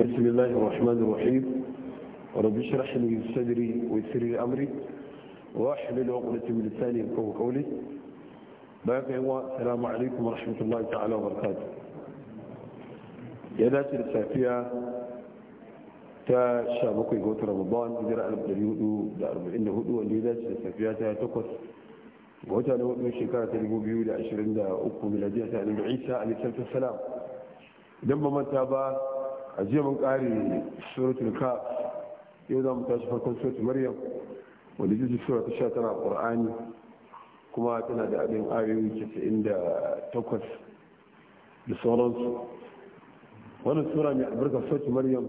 بسم الله الرحمن الرحيم رب اشرح لي صدري ويسر لي امري واحلل عقدة من لساني يفقهوا قولي باقي السلام عليكم ورحمة الله تعالى وبركاته يا ناس السافية تا شابك يقول رمضان يدير على دار إن هدو اللي ناس السافية تا تقص وتا نوت من شكاية الجوبيو لعشرين دا أكو ميلادية عن عيسى عليه الصلاة والسلام لما من تابع a jiya mun kare suratul kaf yau za mu tashi farkon suratul maryam wanda jiji sura ta sha tana ƙur'ani, kuma tana da abin ayoyi kisa da takwas da sauransu Wani sura mai albarka suratul maryam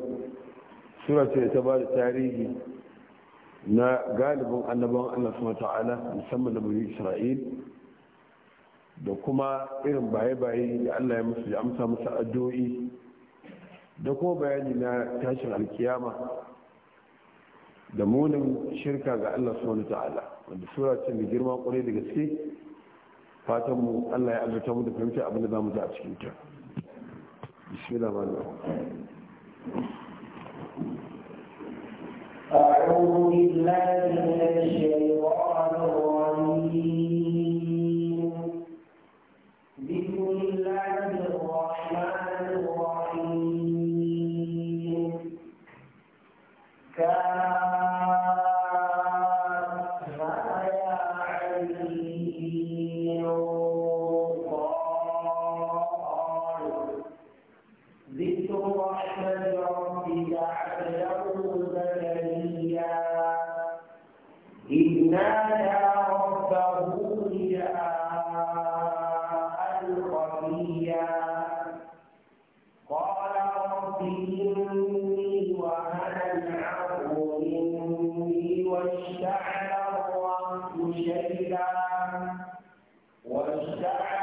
sura ce ta ba da tarihi na galibin annaban allah su ta'ala musamman da bani isra'il da kuma irin baye-baye da allah ya musu ya amsa musu addu'o'i da ko bayani na tashin alkiyama da munin shirka ga Allah subhanahu ta'ala wanda sura ce mai girma kwarai da gaske fatan mu Allah ya azurta mu da fahimta abin da zamu ji a cikin ta bismillah ma'ana أعوذ بالله من الشيطان الرجيم شيئا واشتعل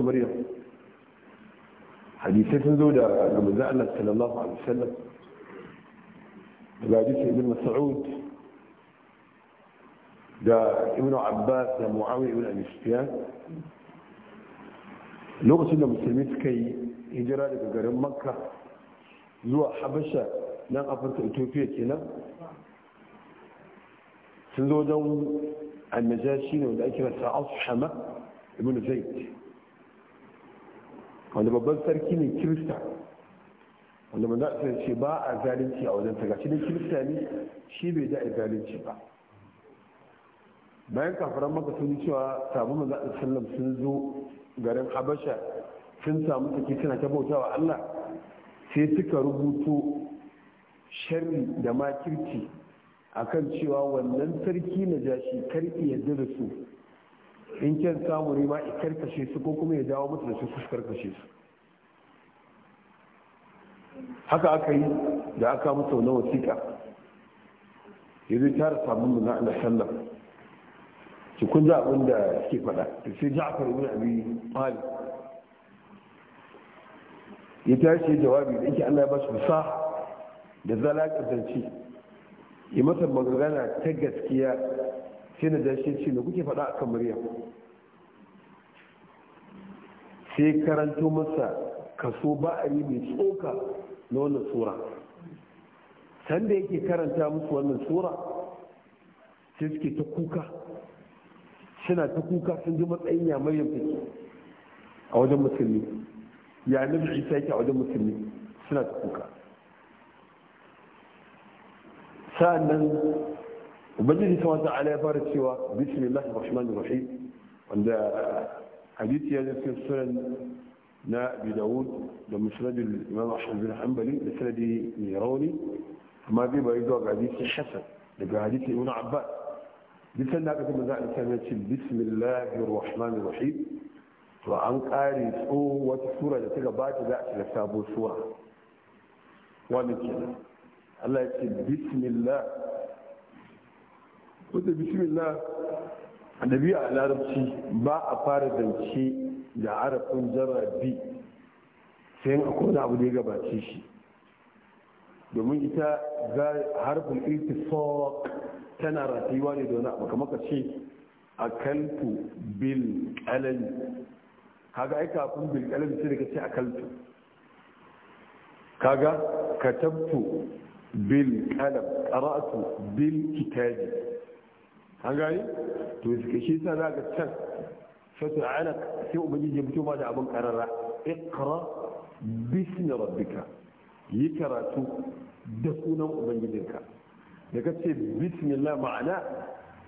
ummatu maryam hadisai sun zo da ga manzo Allah sallallahu alaihi wasallam daga hadisi ibn mas'ud da ibn abbas da muawiya ibn abi lokacin da musulmi suka yi hijira daga garin makka zuwa habasha nan afirka ethiopia kenan sun zo don annajashi ne wanda ake masa shama ibn zaid wanda babban sarki ne kirista wanda za a ce ba a zalunci a wajen gashi dai kirista ne shi bai da zalunci ba bayan kafaran maka sun cewa sabu manzo a sallam sun zo garin habasha sun samu take suna ta bautawa Allah sai suka rubuto sharri da makirci akan cewa wannan sarki na jashi in yarda da su in kyan samu ne ma ya karkashe su ko kuma ya dawo mutu da su su karkashe su haka aka yi da aka mutu na wasiƙa ya zai tara samun na ala sallam su kun ji abin da suke faɗa da sai ja'far ibn abin ya tashi jawabi da yake Allah ya ba musa da zalaka zance yi masa magana ta gaskiya sai na jashi ce da kuke faɗa kan murya sai karanto masa kaso ba'ari mai tsoka na wannan tsura sanda yake karanta musu wannan tsura sai suke ta kuka suna ta kuka sun ji matsayin ya maryam fiki a wajen musulmi ya nabi isa yake a wajen musulmi suna ta kuka nan وبدل يتوضا على بارد سوا بسم الله الرحمن الرحيم عند حديث هذا في السنن نا بداود لمسند الامام احمد بن حنبلي مسند نيروني ما في بايدو حديث الحسن لحديث ابن عباس لسنا كتب مزاعل بسم الله الرحمن الرحيم وعن قاري سوى سورة لتلك بعد ذلك لسابو سورة ومن كده الله يقول بسم الله kudu bismillah annabi a larabci ba a fara zance da arafin jarabi sai in akwai abu da ya gabace shi domin ita za a harfin iltifaq tana rafiwa ne da wani abu kamar ka ce akaltu bil kalani kaga ai kafin bil kalani sai ka ce a kalfu kaga katabtu bil qalam qara'tu bil kitabi an gani to suke shi sa za ga can fasu ala sai ubangiji ya fito ma da abin karara iqra bismi rabbika yi karatu da sunan ubangijinka da ka ce bismillah ma'ana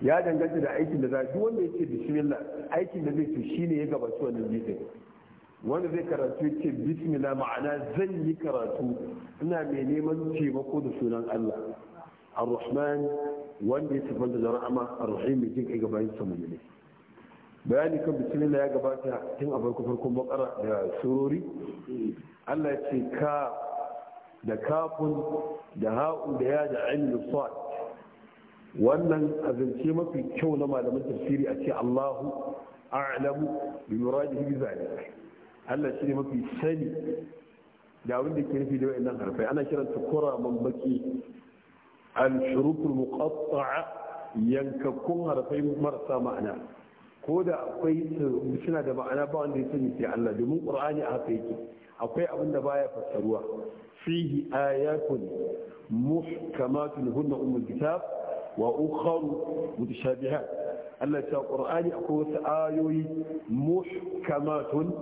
ya danganta da aikin da za wanda ya ce bismillah aikin da zai shi shine ya gabaci wannan jikin wanda zai karatu ce bismillah ma'ana zan yi karatu ina mai neman taimako da sunan Allah ar-rahman wanda ya sifanta da rahama ar-rahim mai jin kai ga bayan sa mu'mini bayani kan bismillah ya gabata tun a farko farkon bakara da surori Allah ya ce ka da kafun da ha'u da ya da ainihin sa'ad wannan azance mafi kyau na malaman tafsiri a ce Allahu a'lamu bi muradihi bi zalik Allah shi ne mafi sani da abin da ke nufi da wa'annan harfai ana kiran ta kuraman baki al-shuruful muqatta'a yankakkun harfai marasa ma'ana ko da akwai suna da ma'ana ba wanda ya sani sai Allah domin Qur'ani a haka yake akwai abin da baya fassaruwa fihi ayatun muhkamatun hunna ummul kitab wa ukharu mutashabihat Allah ya Qur'ani akwai wasu ayoyi muhkamatun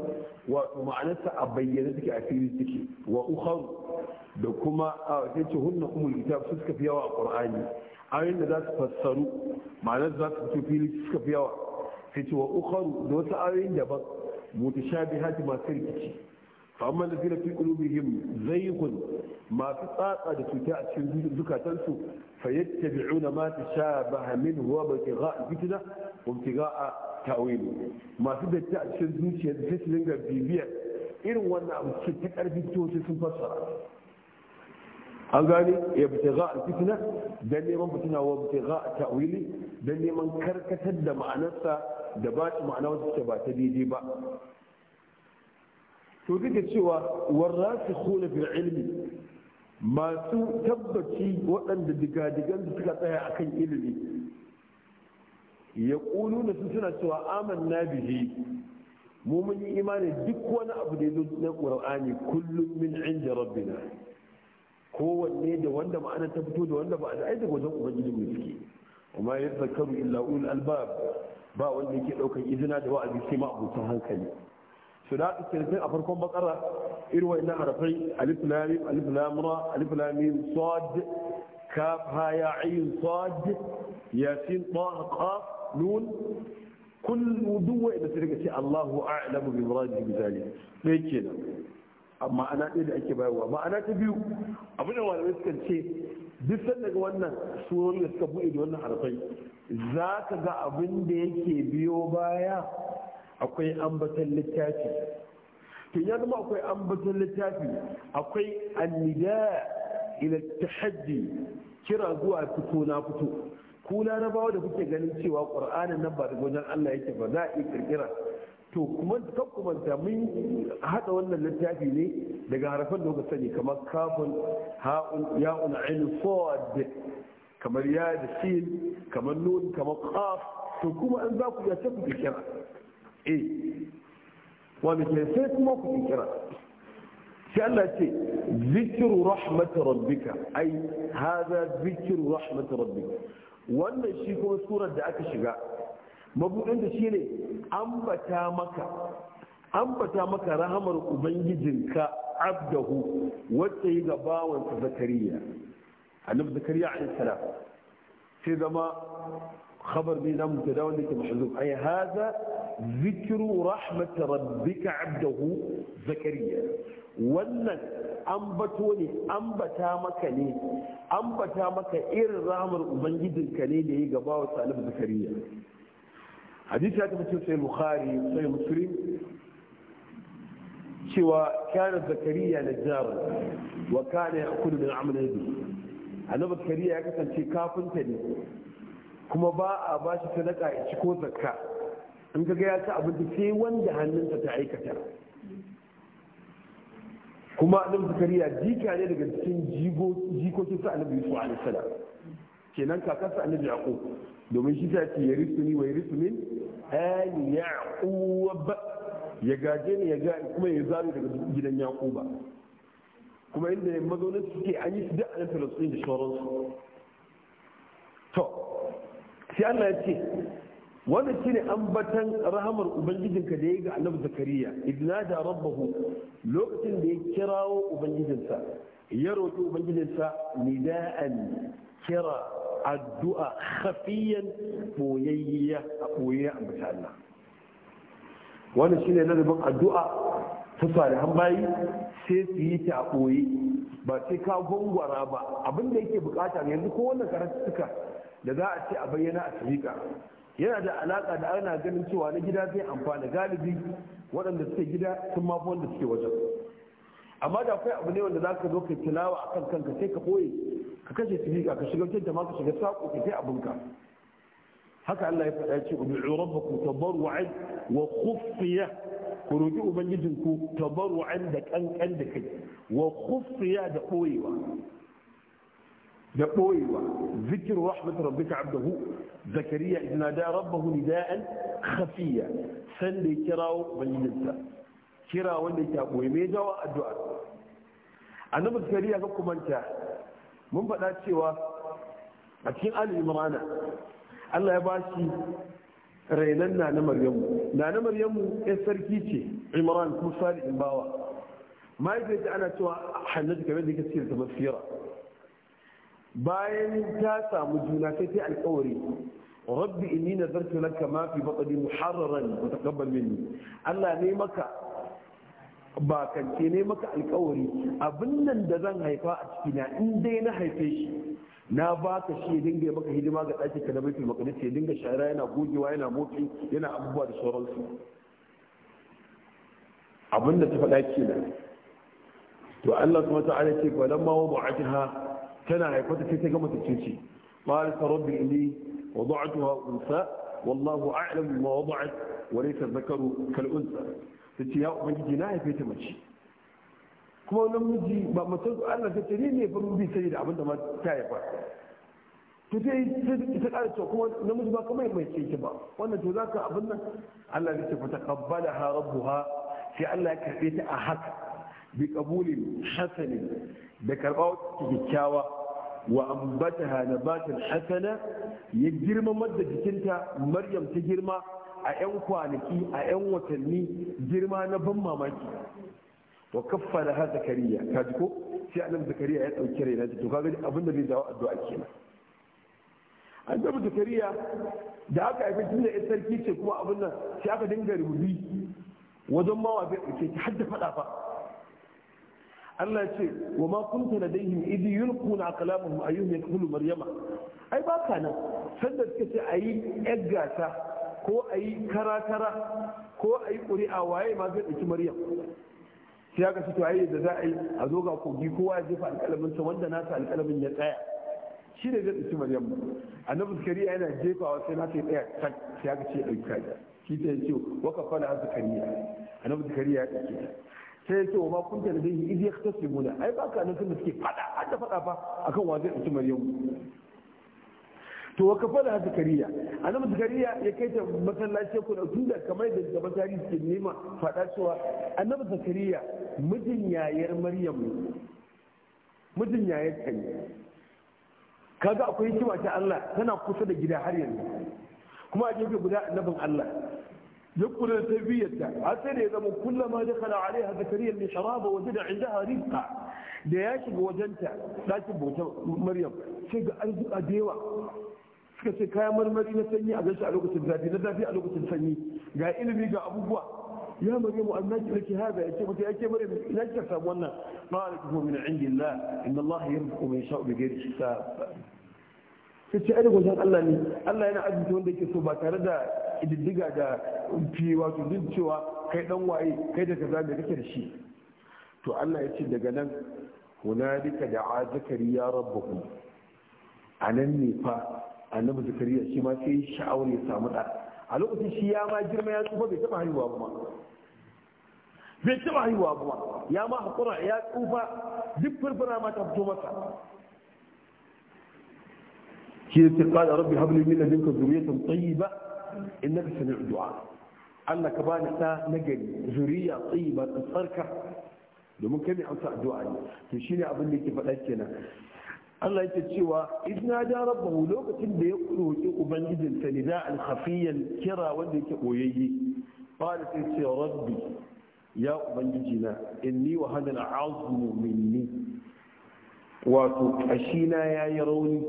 wato ma'anarsa a bayyane take a fili take wa ukharu da kuma a ce hunna umul kitab su suka fi yawa a qur'ani ayoyin da za su fassaru ma'ana za su fito fili su suka fi yawa sai ce wa ukharu da wasu ayoyin daban mutashabihati masu rikici fa amma allazina fi qulubihim zayghun masu tsatsa da cuta a cikin zukatansu fayattabi'una ma tashabaha minhu wa btigha'a fitna wa btigha'a ta'wil masu datti a cikin zuciya da su dinga bibiyar irin wannan abu ce ta karfi to sun fassara an gane ya eh, bata za a fitina don neman fitina wa bata za a ta'wili don neman karkatar da ma'anarsa da ba ta ma'ana wata ta ba ta daidai ba to duk cewa warra su kula fil ilmi masu tabbaci waɗanda digadigan da suka tsaya akan ilimi ya ƙulu na su suna cewa amanna bihi mu mun yi imani duk wani abu da ya zo na ƙur'ani kullum min inda rabbina kowanne da wanda ma'ana ta fito da wanda ba'a da ai daga wajen ubangijin mu suke amma ya zakaru illa ul albab ba wanda yake daukar izina da wa'azi sai ma abutan hankali su da aka kirkin a farkon bakara irin wa'annan harafai alif lamim alif lamra alif lamim sad kaf ha ya ayin sad yasin ta qaf nun kullu duwa da sai daga ce Allahu a'lamu bi muradihi bi zalik sai kenan ma'ana ɗaya da ake bayarwa ma'ana ta biyu abin da malamai suka ce duk sanda ga wannan surori da suka buɗe da wannan harfai za ka ga abin da yake biyo baya akwai ambatan littafi tun ya zama akwai ambatan littafi akwai annida ila tahaddi kira zuwa fito na fito ku larabawa da kuke ganin cewa ƙur'anin nan ba da wajen Allah yake ba za a iya kirkira to kuma kakkumanta mun haɗa wannan littafi ne daga harafan da sani kamar kafin ha'un ya'un ainu sod kamar ya da sin kamar nun kamar qaf to kuma an za ku yace ku kira eh wani ke sai kuma ku kira shi Allah ce zikru rahmat rabbika ai hada zikru rahmat rabbika wannan shi kuma surar da aka shiga mabudin da shine ambata maka ambata maka rahamar ubangijinka abdahu wacce yi ga bawansa zakariya annabi zakariya alayhi salam sai zama خبر بنا مبتدا وليس محذوف اي هذا ذكر رحمه ربك عبده زكريا wannan ambato ne ambata maka ne ambata maka irin rahmar ubangijinka ne da ya gaba wa salib zakariya hadisi ya tafi sai bukhari sai muslim cewa kana zakariya na jaru wa kana ya kudu da amalin yadu annabi zakariya ya kasance kafinta ne kuma ba a ba shi sadaka ya ci zakka in ka ga ya ci abinci sai wanda hannunsa ta aikata kuma annabi zakariya jika ne daga cikin jikokin sa annabi yusuf alaihi salam kenan kakarsa annabi yaqub domin shi ta ce yarisuni wa yarisumin ali yaqub ya gaje ne ya ga kuma ya zaru daga gidan yaquba kuma inda mazaunin suke an yi su da anan filistin da shoransu to sai Allah ya ce wannan shine ambatan rahamar ubangijinka da ya ga annabi zakariya da rabbahu lokacin da ya kirawo ubangijinsa ya roki ubangijinsa nida'an kira addu'a khafiyan boyayya a boye a mace Allah wannan shine ladabin addu'a ta salihan bayi sai su yi ta a boye ba sai ka gongwara ba abin da yake bukata yanzu ko wannan karatuka da za a ce a bayyana a tarika yana da alaka da ana ganin cewa na gida zai amfana galibi waɗanda suke gida sun mafi wanda suke wajen amma da akwai abu ne wanda za ka zo ka tilawa a kan kanka sai ka ɓoye ka kashe sihika ka shiga cikin jama'a ka shiga sako ka kai abinka haka Allah ya faɗa ce ud'u rabbakum tabarru'an wa khufiya ku roki ubangijinku tabarru'an da kankan da kai wa khufiya da boyewa da boyewa zikr rahmat rabbika abdahu zakariya idna da rabbahu nida'an khafiya san da kirawo ubangijinsa kira wanda yake boye me jawa addu'a annabi zakariya ka kumanta mun faɗa cewa a cikin ali imrana Allah ya bashi rainan na na maryamu na na maryamu ya sarki ce imran kuma salihin bawa mahaifiyarta ana cewa hannatu kamar da kake da basira bayan ta samu juna sai ta alkawari rabbi inni nazartu lakka ma fi batni muharraran wa taqabbal minni Allah ne maka ba kance ne maka alkawari abin nan da zan haifa a ciki na in dai na haife shi na baka ka shi ya dinga maka hidima ga ɗaki ka na mafi maqdis ya dinga shara yana gogewa yana motsi yana abubuwa da sauransu abin da ta faɗa nan to Allah kuma ta'ala ce fa lamma ha tana haifata ta ta gama ta cece qalat rabbi inni wada'atuha unsa wallahu a'lamu ma wada'at wa laysa ta zakaru kal'unsa ta ce ya ubangiji na haife ta mace kuma namiji ba mutum Allah ta ce ni ne ban bi sai da abin da ma ta haifa to sai ta ƙara cewa kuma namiji ba kamar mai ce ba wannan to zaka abin nan Allah ya ce fa taqabbalaha rabbuha sai Allah ya karbe ta a haka bi qabulin hasani da karba kyakkyawa wa ambataha nabatan hasana ya girma da jikinta Maryam ta girma a 'yan kwanaki a 'yan watanni girma na ban mamaki wa kaffa da ha zakariya ka ji ko sai annabi zakariya ya ɗauki raina to gani abin da zai jawo addu'a kenan annabi zakariya da aka haifi tun da ya sarki ce kuma abin nan sai aka dinga rubi wajen mawa bai ɗauke ki har da faɗa fa Allah ce wa ma kunta ladaihim idh yulquna aqlamuhum ayyuhum yaqulu maryama ai ba ka nan sanda suka ce ayi yar gasa ko a yi kara-kara ko a yi ƙuri'a waye ma zai ɗauki maryam sai aka fito tawaye da za a yi a zo ga kogi kowa ya jefa alƙalamin sa wanda nasa alƙalamin ya tsaya shi ne zai ɗauki maryam A annabi zakariya yana jefawa sai nasa ya tsaya tak sai aka ce ɗauki kaji shi ta yace waka fala zakariya annabi zakariya ya ɗauki sai ya ce wa ma kunta da dai idi yaktasimuna ai ba ka nan da suke fada har da fada ba akan wa zai ɗauki maryam to wa kafa da zakariya annabi zakariya ya kai ta masallaci ku da tunda kamar da gaba tarihi ke nema fada cewa annabi zakariya mijin yayar maryam mijin yayar ta ne kaga akwai hikima ta Allah tana kusa da gida har yanzu kuma a gefe guda annabin Allah ya kula da tarbiyyarta har sai da ya zama kullama da kala alaiha zakariya mai sharaba waje da indaha rizqa da ya shiga wajenta ɗakin bautar maryam sai ga arziki da yawa suka ce kayan marmari na sanyi a gashi a lokacin zafi na zafi a lokacin sanyi ga ilimi ga abubuwa ya mare mu annaki laki hada yake mata yake mare mu ina kika samu wannan ma alaikum min indillah inna Allah yarzuqu man yasha'u bighairi hisab kace ai gwajen Allah ne Allah yana azuta wanda yake so ba tare da ididdiga da fi wato din cewa kai dan waye kai da kaza me kake da shi to Allah ya ce daga nan hunalika da'a zakariya rabbuhu anan ne fa annabi zakariya shi ma sai sha'awar ya samu da a lokacin shi ya ma girma ya tsufa bai taba haihuwa ba bai taba haihuwa ba ya ma hakura ya tsufa duk furfura ma ta fito masa shi ce kada rabbi habli li min ladunka dhurriyatan tayyiba innaka sami'ud du'a Allah ka bani ɗa na gari zuriya tayyiba ba tsarka domin kai mai amsa addu'a ne to shine abin da yake faɗa kenan Allah yake cewa idna ja rabbahu lokacin da ya roki ubangijin ta, nida al khafiyan kira wanda yake koyayye qala sai ce rabbi ya ubangiji na inni wa hadal azmu minni wato kashina yayi rauni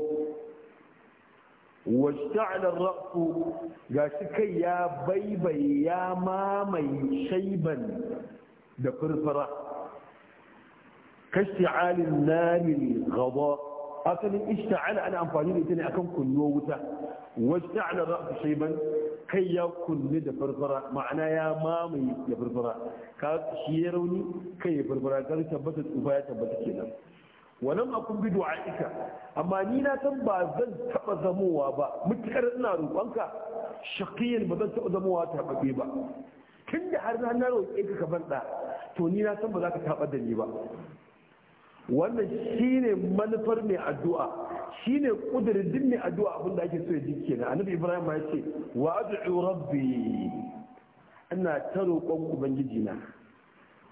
washta'ala ar-ra'su gashi kai ya baibaye ya mamaye shaiban da furfura alin namin gaba asalin ishta'ala ana amfani da ita ne akan kunnuwar wuta washta'ala ra'su shayban kai ya kunne da farfara ma'ana ya mamaye da farfara ka shi ya rauni kai ya farfara ka tabbata tsufa ya tabbata kenan Wannan akun bi du'a'ika amma ni na san ba zan taba zamowa ba mutakar ina roƙonka shaqiyan ba zan taba zamowa ta kabe ba tunda har na roƙe ka ka banda to ni na san ba za ka taba da ni ba wannan shine manufar mai addu'a shine kudirin din mai addu'a abin da ake so ya ji kenan annabi ibrahim ya ce wa ad'u rabbi ina ta roƙon ubangiji na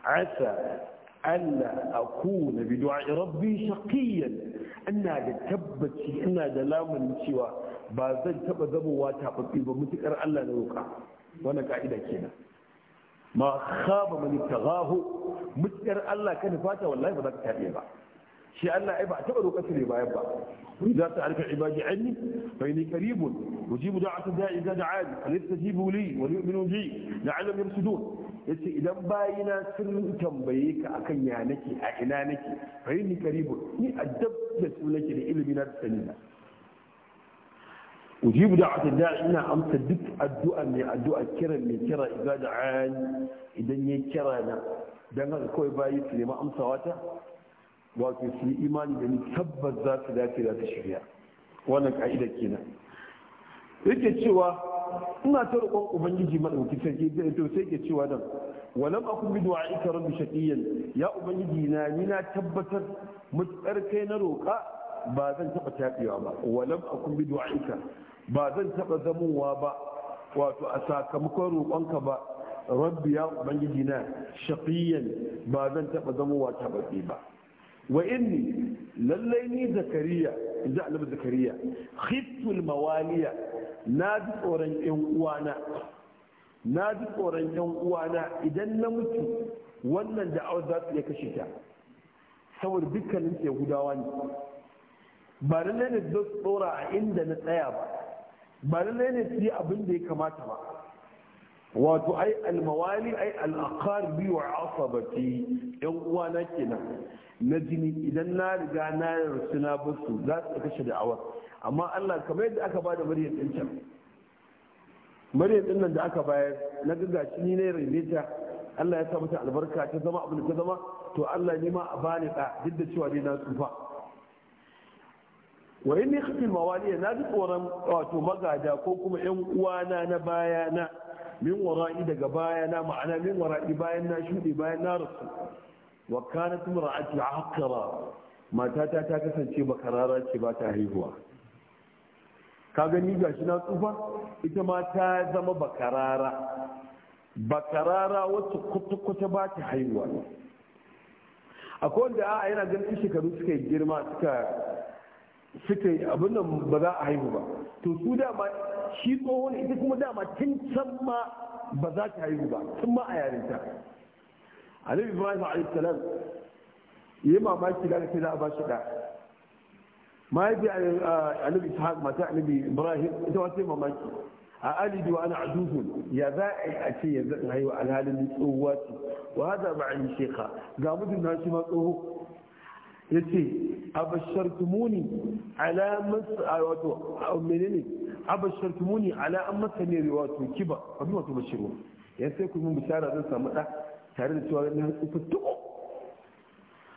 asa alla na bi du'a rabbi shaqiyan ina da tabbaci ina da lamunin cewa ba zan taba zamowa tababbi ba mutukar Allah na roƙa wannan ka'ida kenan ma khaba man tagahu mutsar Allah ka fata wallahi ba za ka tabe ba shi Allah ai ba ta taba roƙar ne bayan ba ku za ta arka ibadi anni fa inni qaribun ujibu da'ata da'i idza da'ani falyastajibu li wa yu'minu bi la'allam yarshudun yace idan bayina sun tambaye ka akan ya nake a ina nake fa inni qaribun ni addab da su nake da ilimi na da sanina ujibu da wata da ina amsa duk addu'a mai addu'a kira mai kira iga da ayan idan ya kira na don haka kawai bayi su nema amsawa ta wato su yi imani da ni tabbas za su dace za su shirya wannan ka'ida kenan yake cewa ina ta roƙon ubangiji madauki sarki to sai yake cewa dan walam akun bi du'a'ika rabbi shaqiyan ya ubangiji na ni na tabbatar mutsar kai na roƙa ba zan taɓa taɓewa ba walam akun bi du'a'ika ba zan taɓa zamowa ba wato a sakamakon roƙonka ba rabbi ya ubangiji na shaqiyan ba zan taɓa zamowa taɓaɓɓe ba wa inni lallai ni zakariya in ji zakariya khiftul mawaliya na ji tsoron yan uwana na ji tsoron yan uwana idan na mutu wannan da da'awar za su iya kashe ta saboda dukkanin yahudawa ne ba lallai ne zo tsora a inda na tsaya ba ba lalle ne su yi abin da ya kamata ba wato ai almawali ai al'akar biyu wa asabati yan uwana kenan na jini idan na riga na rasu na bursu za su kashe da'awar amma Allah kamar yadda aka ba da maryam din can maryam din nan da aka bayar na ga ni ne rene ta Allah ya sa mata albarka ta zama abin da ta zama to Allah ne ma a bani da duk da cewa dai na tsufa wa inni khafil mawaliya na tsoron wato magada ko kuma yan uwana na bayana min wara'i daga bayana ma'ana min wara'i bayan na shuɗe bayan na rasu wa kanat mar'ati aqra matata ta kasance bakarara ce ba ta haihuwa ka gani ga shi na tsufa ita ma ta zama bakarara bakarara wacce kwata-kwata ba ta haihuwa akwai wanda a yana ganin shekaru suka girma suka suka yi abin nan ba za a haihu ba to su dama shi tsohon ita kuma dama tun can ma ba za ta haihu ba tun ma a yarinta annabi ibrahim alaihissalam yi mamaki da aka za a ba shi da mahaifi eh, annabi ishaq mata annabi ibrahim ita wasu yi mamaki a alidu ana azuzun ya za a yi a ce ya zaɗin haihu alhalin tsohuwa ce wa haza ba a yi shekha ga mutum na shi ma tsoho yace abashartumuni ala mas wato menene abashartumuni ala an masani wato kiba abin wato bashiru yan sai ku mun bishara zan samu da tare da cewa na tsufa tuko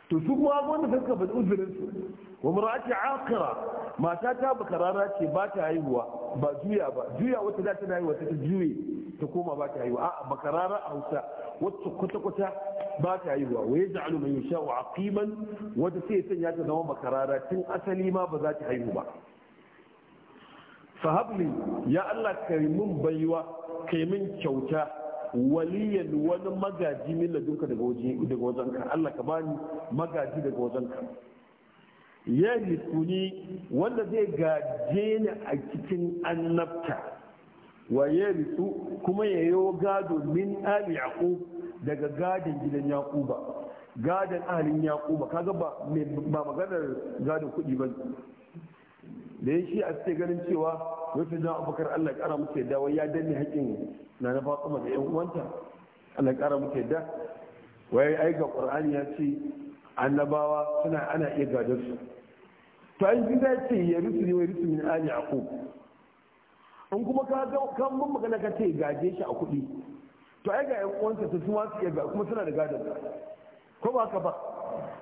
to su kuma da suka bada uzurin su wa mar'ati aqira mata ta bakarara ce ba ta haihuwa ba juya ba juya wata za ta haihuwa ta juye ta koma ba ta haihuwa a'a bakarara a Hausa wata kwata kwata ba ta haihuwa wa ya ja'alu man yasha'u aqiman wata sai ya ta zama makarara tun asali ma ba za ta haihu ba fahabli ya Allah kai mun baiwa kai mun kyauta waliyan wani magaji min ladunka daga waje daga wajenka Allah ka bani magaji daga wajenka ya ni wanda zai gaje ni a cikin annabta wa ya risu kuma ya yi gado min ali yaqub daga gadin gidan yakuba gadin ahalin yakuba kaga ba ba maganar gadin kuɗi ba da ya shi a suke ganin cewa wata na abubakar allah ya kara musu yadda wai ya danne haƙƙin na na fatima da yan uwanta allah ya kara musu yadda wai ai ga qur'ani ya ce annabawa suna ana iya gadar su to an ji zai ce ya rusu ne wai rusu min ali aqub in kuma ka kan mun magana ka ce gaje shi a kuɗi to ai ga 'yan uwansa su suma su iya ga kuma suna da gadon ko ba haka ba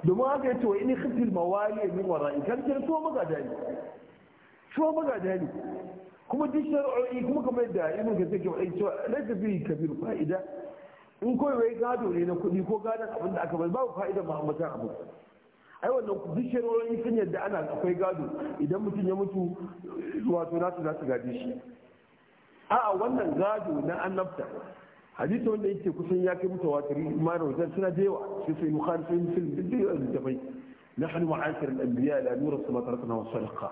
domin haka ya ce wa ini khifil mawali min wara'i kan kira so magada ne so magada ne kuma duk shar'o'i kuma kamar da ibn kasir ke faɗi cewa laifin bi kabir fa'ida in kawai wai gado ne na kuɗi ko gadon abin da aka bai babu fa'ida muhammatan abu ai wannan duk shari'o'in sun yadda ana akwai gado idan mutum ya mutu wato nasu za su gade shi a'a wannan gado na annabta hadisi wanda yake kusan ya kai mutawa tari ma da wajen suna jewa sai sai bukhari sai muslim duk da yawa da nahnu ma'asir al-anbiya da nura sama suna wasu sadaqa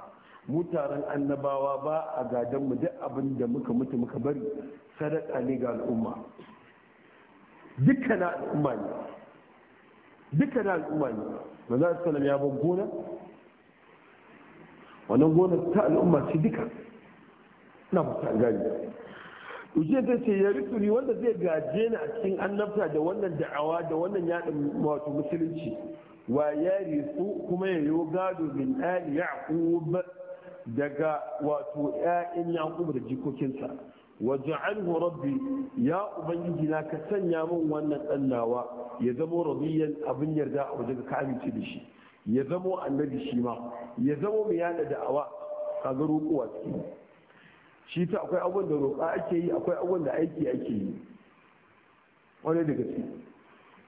mutaren annabawa ba a gadon mu duk abin da muka mutu muka bari sadaka ne ga al'umma dukkan al'umma ne dukkan al'umma ne manzo sallallahu ya ban gona wannan gona ta al'umma ce duka ina fata gani uje zai ce ya ni wanda zai gaje ni a cikin annabta da wannan da'awa da wannan yaɗin wato musulunci wa ya kuma ya yi gado min ali yaqub daga wato 'ya'yan yaqub da jikokinsa wa ja'alhu rabbi ya ubangiji na ka sanya min wannan dan ya zama rabiyan abin yarda a wajen ka amince da shi ya zama annabi shi ma ya zama mai yaɗa da'awa kaga roƙuwa cikin shi ta akwai abin da roƙa ake yi akwai abin da aiki ake yi wani daga gaske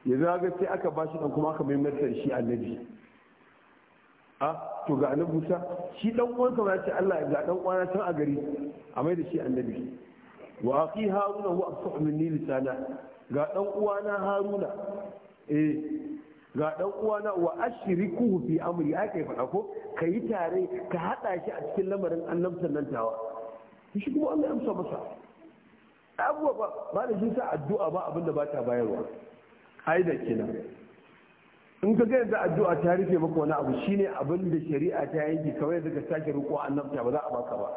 yanzu ga sai aka ba shi ɗan kuma aka maimaitar shi annabi a to ga annabi sa shi ɗan uwan kama ya ce allah ga ɗan uwana can a gari a mai da shi annabi wa aki haruna wa afsahu minni lisana ga ɗan uwana haruna eh ga ɗan uwana wa ashriku fi amri aka yi faɗa ko ka yi tare ka haɗa shi a cikin lamarin annabtan nan tawa shi kuma Allah ya amsa masa abuwa ba ba da shi sa addu'a ba abinda ba ta bayarwa aida kenan in ka ga yanzu addu'a ta rufe maka wani abu shine abin da shari'a ta yanke kawai da ka sake roƙo annabta ba za a baka ba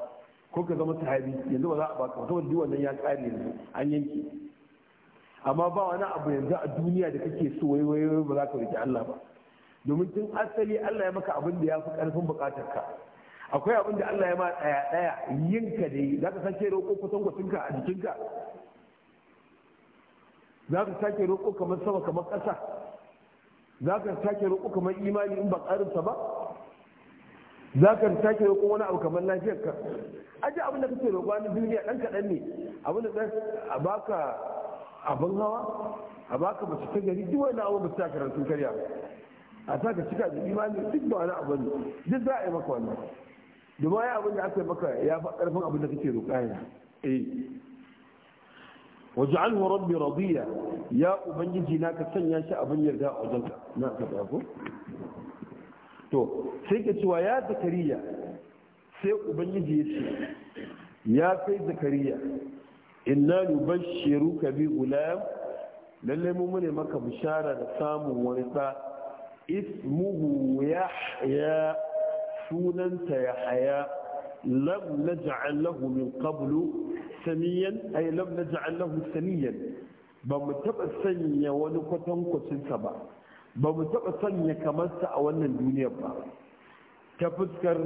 ko ka zama sahabi yanzu ba za a baka ba saboda duk wannan ya kare yanzu an yanke amma ba wani abu yanzu a duniya da kake so wai wai ba za ka riƙe Allah ba domin tun asali Allah ya maka abin da ya fi ƙarfin buƙatarka akwai abin da Allah ya ma ɗaya ɗaya yinka da yi za ka sake roƙo kusan gwacinka a jikinka za ka sake roƙo kamar sama kamar ƙasa za ka sake roƙo kamar imani in ba ƙarinsa ba za ka sake roƙo wani abu kamar lafiyarka aji abin da kake roƙo wani duniya ɗan kaɗan ne abin da a baka abin hawa a baka mace ta gari duk wani abu ba su karantun karya a sa ka cika da imani duk ba wani abu ne duk za a yi maka wannan domin ai abin da aka yi maka ya fa karfin abin da kake roƙa yana eh waj'alhu rabbi radiya ya ubangiji na ka sanya shi abin yarda a wajenka na ka ba ko to sai ka cewa ya zakariya sai ubangiji ya ce ya kai zakariya inna nubashshiruka bi gulam lalle mu mune maka bishara da samun wani sa ismuhu yahya sunanta ya haya lam naj'al lahu min qablu samiyan ay lam naj'al lahu samiyan ba mu taba sanya wani kwatankwacinsa ba ba mu sanya kamarsa a wannan duniyar ba ta fuskar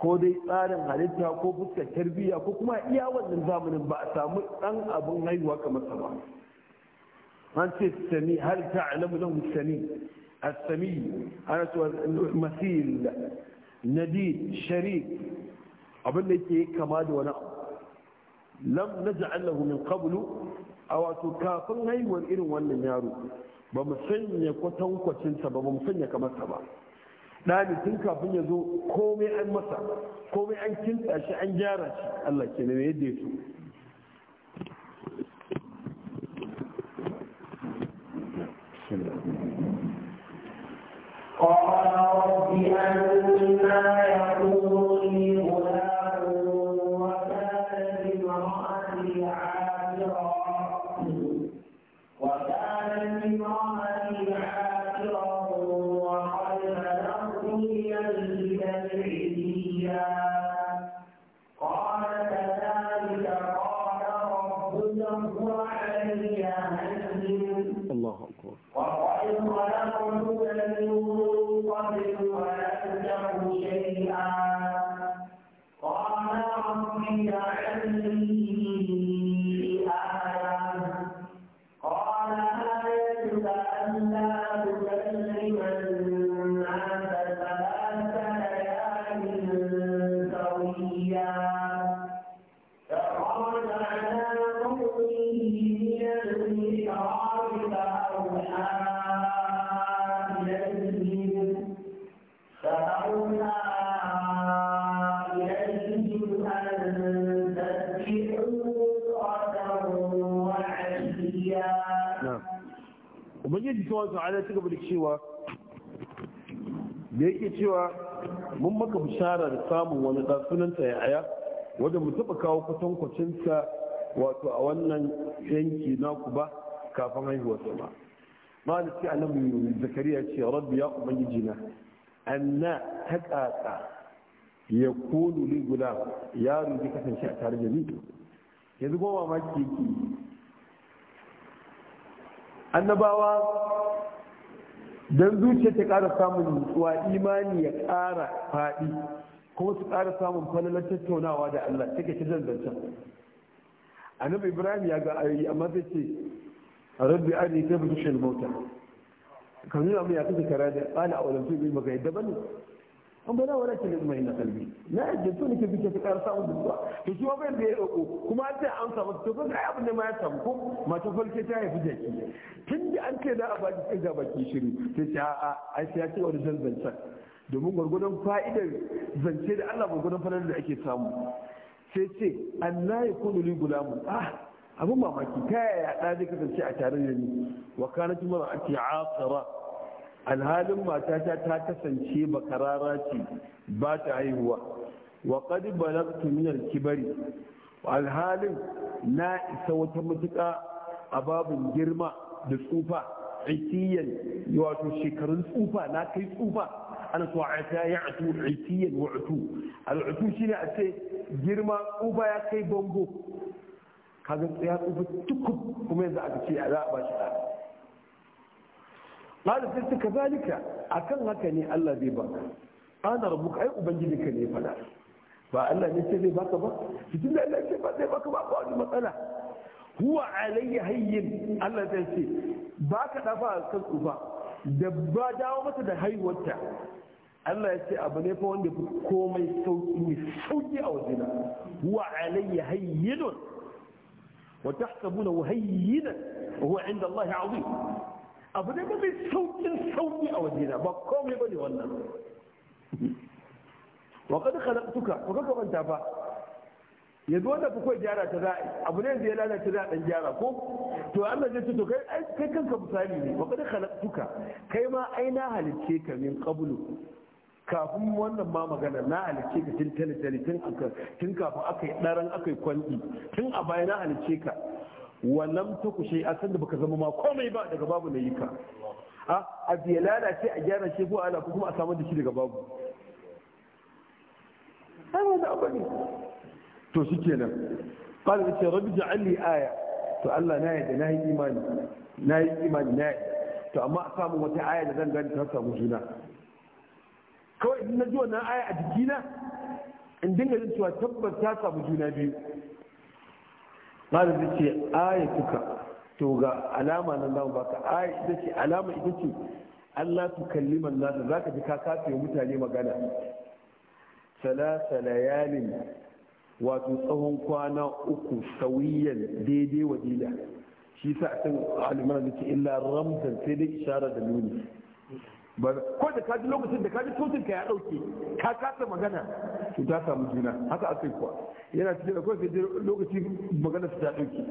ko dai tsarin halitta ko fuskar tarbiyya ko kuma iya wannan zamanin ba a samu ɗan abin haihuwa kamar sa ba an ce sami hal ta'lamu lahu sani, as-sami ana cewa masil nadi Sharif, abin da yake kama da wani lam naj'al min qablu a wato kafin haihuwar irin wannan yaro ba mu sanya kwatankwacinsa ba ba mu sanya kamarsa ba ɗani tun kafin ya zo komai an masa komai an kinta shi an gyara shi Allah ke ne yadda ya so قال رب أنا ta'ala ya ci gaba da cewa da yake cewa mun maka bishara da samun wani ɗan sunanta ya aya mu taɓa kawo kwatankwacinsa wato a wannan yanki naku ba kafin haihuwarsa ba malaki annabi zakariya ce rabbi ya ubangiji na anna taqaqa ya kunu ne guda ya rubi kasance a tare da ni yanzu goma mamaki yake annabawa don zuciya ta ƙara samun nutsuwa imani ya ƙara faɗi kuma su ƙara samun falalar tattaunawa da Allah take ta zanzanta annabi ibrahim ya ga ayoyi amma zai ce rabbi arni ta bi mota kan nuna ya kace kara da ana awalan fi bi maka yadda bane amma na wala tilin mai na kalbi na yadda to nake bi ta ƙara samu duwa to shi wannan da ya roƙo kuma an ce an samu to kun abin da ma ya samu ko mata falke ta haifi jaki tun da an ce za a baki sai ga baki shiru sai ce a ai sai ya ce wani zanzancan domin gwargwadon fa'idar zance da Allah gwargwadon fa'idar da ake samu sai ce Allah ya kunu li gulamu ah abin mamaki ta yaya a zai kasance a tare da ni wa kana jimar a ti'asara alhalin matata ta kasance bakarara ce ba ta haihuwa wa qad balagtu min al-kibari alhalin na isa wata mutuka a babin girma da tsufa itiyan wato shekarun tsufa na kai tsufa ana so a ta ya atu aitiyan wa atu al'atu ne a ce girma tsufa ya kai bango kaga ya tsufa tukun kuma yanzu aka ce a za a ba shi qala sai suka zalika akan haka ne Allah zai baka ana rabbuka ai ubangijinka ne ya faɗa ba Allah ne sai zai baka ba cikin da Allah ce ba zai baka ba ba wani matsala huwa alayya hayyin Allah zai ce ba ka dafa kan tsufa da ba dawo mata da haihuwarta Allah ya ce abu ne fa wanda komai sauki ne sauki a wajena huwa alayya hayyinun wa tahsabuna hayyinan wa huwa inda Allah azim abu ne mafi saukin sauki a wajena ba komai ba ne wannan wa kada suka ba ka kwanta fa yanzu zo da kai gyara ta za abu ne da ya lalace za a dan gyara ko to Allah ya ce to kai kai kanka misali ne wa kada suka kai ma ai na halicce ka min qablu kafin wannan ma magana na halicce ka tun talitali tun kafin aka yi ɗaran aka yi kwanɗi tun a baya na halicce ka Wannan ta taku shay'a san da baka zama ma komai ba daga babu yi yika a biya lalace a gyara shi ko ala ko kuma a samar da shi daga babu ai wanda abu ne to ƙwada da ya rabbi ja'alli aya to Allah na yadda na yi imani na yi imani na yadda to amma a samu wata aya da zan gani ta samu juna kawai na ji wannan aya a jikina in dinga jin cewa tabbas ta samu juna biyu malibu ce aya tuka to ga alama nan ba ka, aya ita ce alama ita ce Allah tu kallima nasu zaka ji ka kafe mutane magana salasa layalin wato tsawon kwana uku sauyiyar daidai wadila shi sa a kan alimar da ce illa ramtan sai dai isharar da nuni ba ko da kaji lokacin da kaji tutun ka ya dauke ka kasa magana to ta samu juna haka akai kuwa yana cikin da kawai sai lokacin magana ta dauke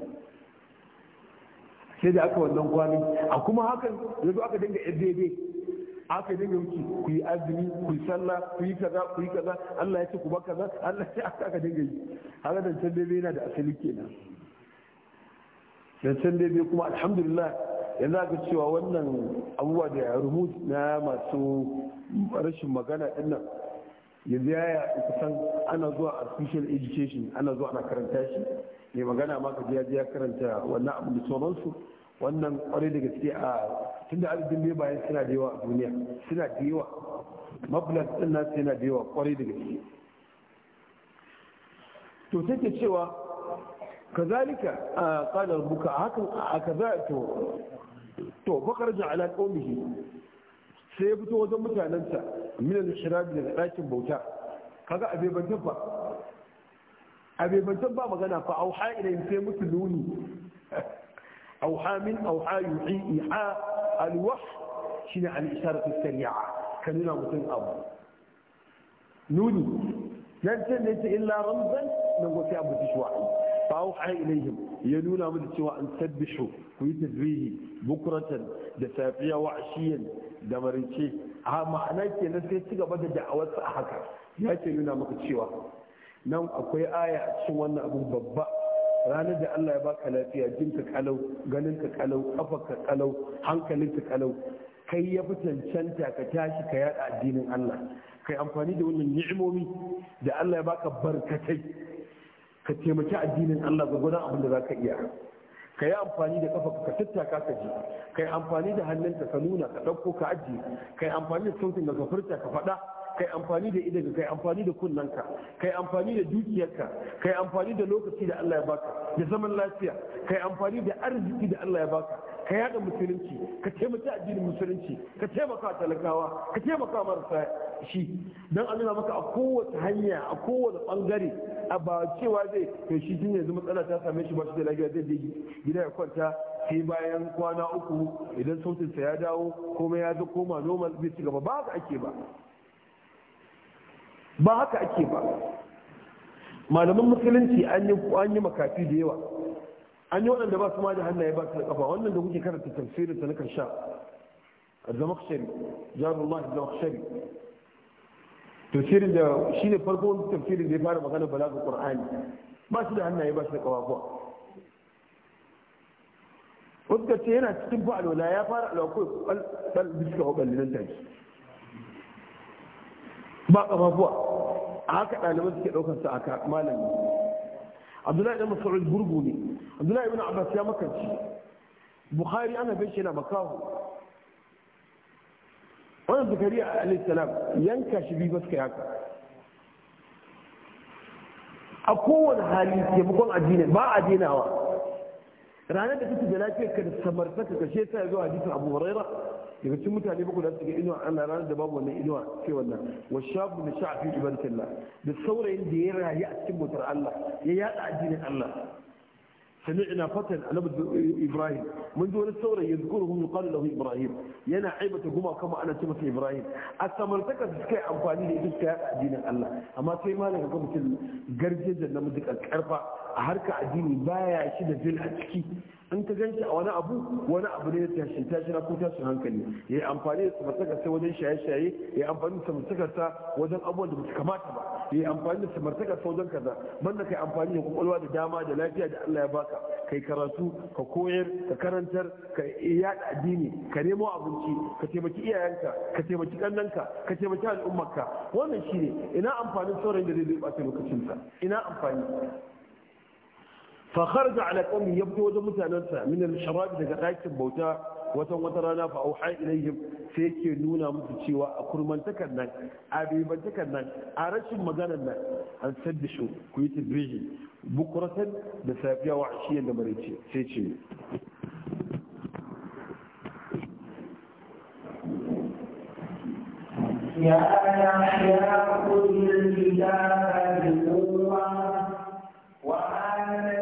sai da aka wannan kwanin a kuma hakan yanzu aka dinga daidai aka dinga wuce ku yi azumi ku yi sallah ku yi kaza ku yi kaza Allah ya ce ku ba kaza Allah ya ce aka dinga yi haka da can daidai yana da asali kenan da can daidai kuma alhamdulillah yanzu ga cewa wannan abubuwa da rumut na masu rashin magana dinnan yanzu ya yi kusan ana zuwa artificial education ana zuwa ana karanta shi mai magana ma ka je ya karanta wannan abu da su wannan kwarai da gaske a tun da arzikin ne bayan suna da yawa a duniya suna da yawa mabulan din nasu yana da yawa kwarai da gaske to take cewa kazalika a qala rabbuka hakan a kaza to to fakarja ala qaumihi sai ya fito wajen mutanensa min daga dakin bauta kaga abe ban tabba abe ban tabba magana fa auha ilayhim sai musu nuni auha min auha yuhi iha al-wah shine al abu nuni ne ta illa ramzan nan go sai abu fawuha ilaihim ya nuna mana cewa an sabbisho ku yi tasbihi bukuratan da safiya wa ashiyan da marice a ma'ana ke na sai ci gaba da da'awar sa haka ya ke nuna maka cewa nan akwai aya a cikin wannan abu babba ranar da Allah ya baka lafiya jin ka kalau ganin ka kalau kafa ka kalau hankalin ka kalau kai ya cancanta ka tashi ka yada addinin Allah kai amfani da wannan ni'imomi da Allah ya baka barkatai ka taimaki addinin Allah ga gudan abin da za ka iya ka yi amfani da kafa ka tattaka ka ji ka yi amfani da hannunka ka nuna ka ɗauko ka aji ka yi amfani da sautin ka furta ka faɗa ka yi amfani da idanka ka yi amfani da kunnanka ka yi amfani da dukiyarka ka yi amfani da lokaci da Allah ya baka da zaman lafiya ka yi amfani da arziki da Allah ya baka ka yada musulunci ka taimaki addinin musulunci ka taimaka talakawa ka taimaka marasa shi don a nuna maka a kowace hanya a kowane bangare a ba cewa zai to shi tun yanzu matsala ta same shi ba shi da lafiya zai gida ya kwanta sai bayan kwana uku idan sautinsa ya dawo komai ya zo koma normal zai ci gaba ba haka ake ba ba haka ake ba malaman musulunci an yi makafi da yawa an yi waɗanda ba su ma da hannaye ba su da kafa wannan da kuke karanta tafsirin sa na karsha a جار tafsirin da shi ne farko tafsirin da ya fara magana ga qur'ani ba shi da hannaye ba shi da ƙawafuwa wadda ce yana cikin fa ya fara alwakwai ɗan biska wakalli nan take ba ƙawafuwa a haka ɗaliban suke ɗaukar sa a malami abdullahi ibn mas'ud gurgu ne abdullahi ibn abbas ya makanci bukhari ana bin shi na makahu wannan zakariya alayhi salam yanka shi biyu suka yaka a kowane hali taimakon addinin ba a dinawa ranar da kake da lafiyar ka da samartaka ka shesa ya zo hadisin abu huraira daga cikin mutane baku da suke inuwa ana ranar da babu wannan inuwa sai wannan wa shabu da sha'afi ibadatillah da saurayin da ya rayu a cikin motar Allah ya yada addinin Allah ina fatan annabi ibrahim mun ji wani saurayi yazkuruhum yuqalu lahu ibrahim yana aibata guma kama ana ce ibrahim a samartaka su suka yi amfani da ita taya yaɗa addinin allah amma sai malam ga mutum garjejen namiji karfa a harka addini baya shi da zil a ciki in ka ganshi a wani abu wani abu ne shi ta na ko ta shi hankali ya yi amfani da samartaka wajen shaye-shaye ya yi amfani da samartakarsa sa wajen abubuwan da ba su kamata ba ya yi amfani da samartakarsa sa wajen kaza banda kai amfani da kwakwalwa da dama da lafiya da Allah ya baka kai karatu ka koyar ka karantar ka yada addini ka nemo abinci ka taimaki iyayenka ka taimaki kannanka ka taimaki al'ummarka wannan shine ina amfanin sauran da zai zai bata lokacinsa ina amfani فخرج على قومه يبدو وجه متانansa min al-sharab daga dakin bauta watan wata rana fa auha ilayhim sai yake nuna musu cewa a kurmantakan nan a bibantakan nan a rashin maganar nan an saddishu ku yi tibbihi bukuratan da safiya wa ashiyan da maraice sai ce يا يحيى خذ الكتاب بقوة وآمن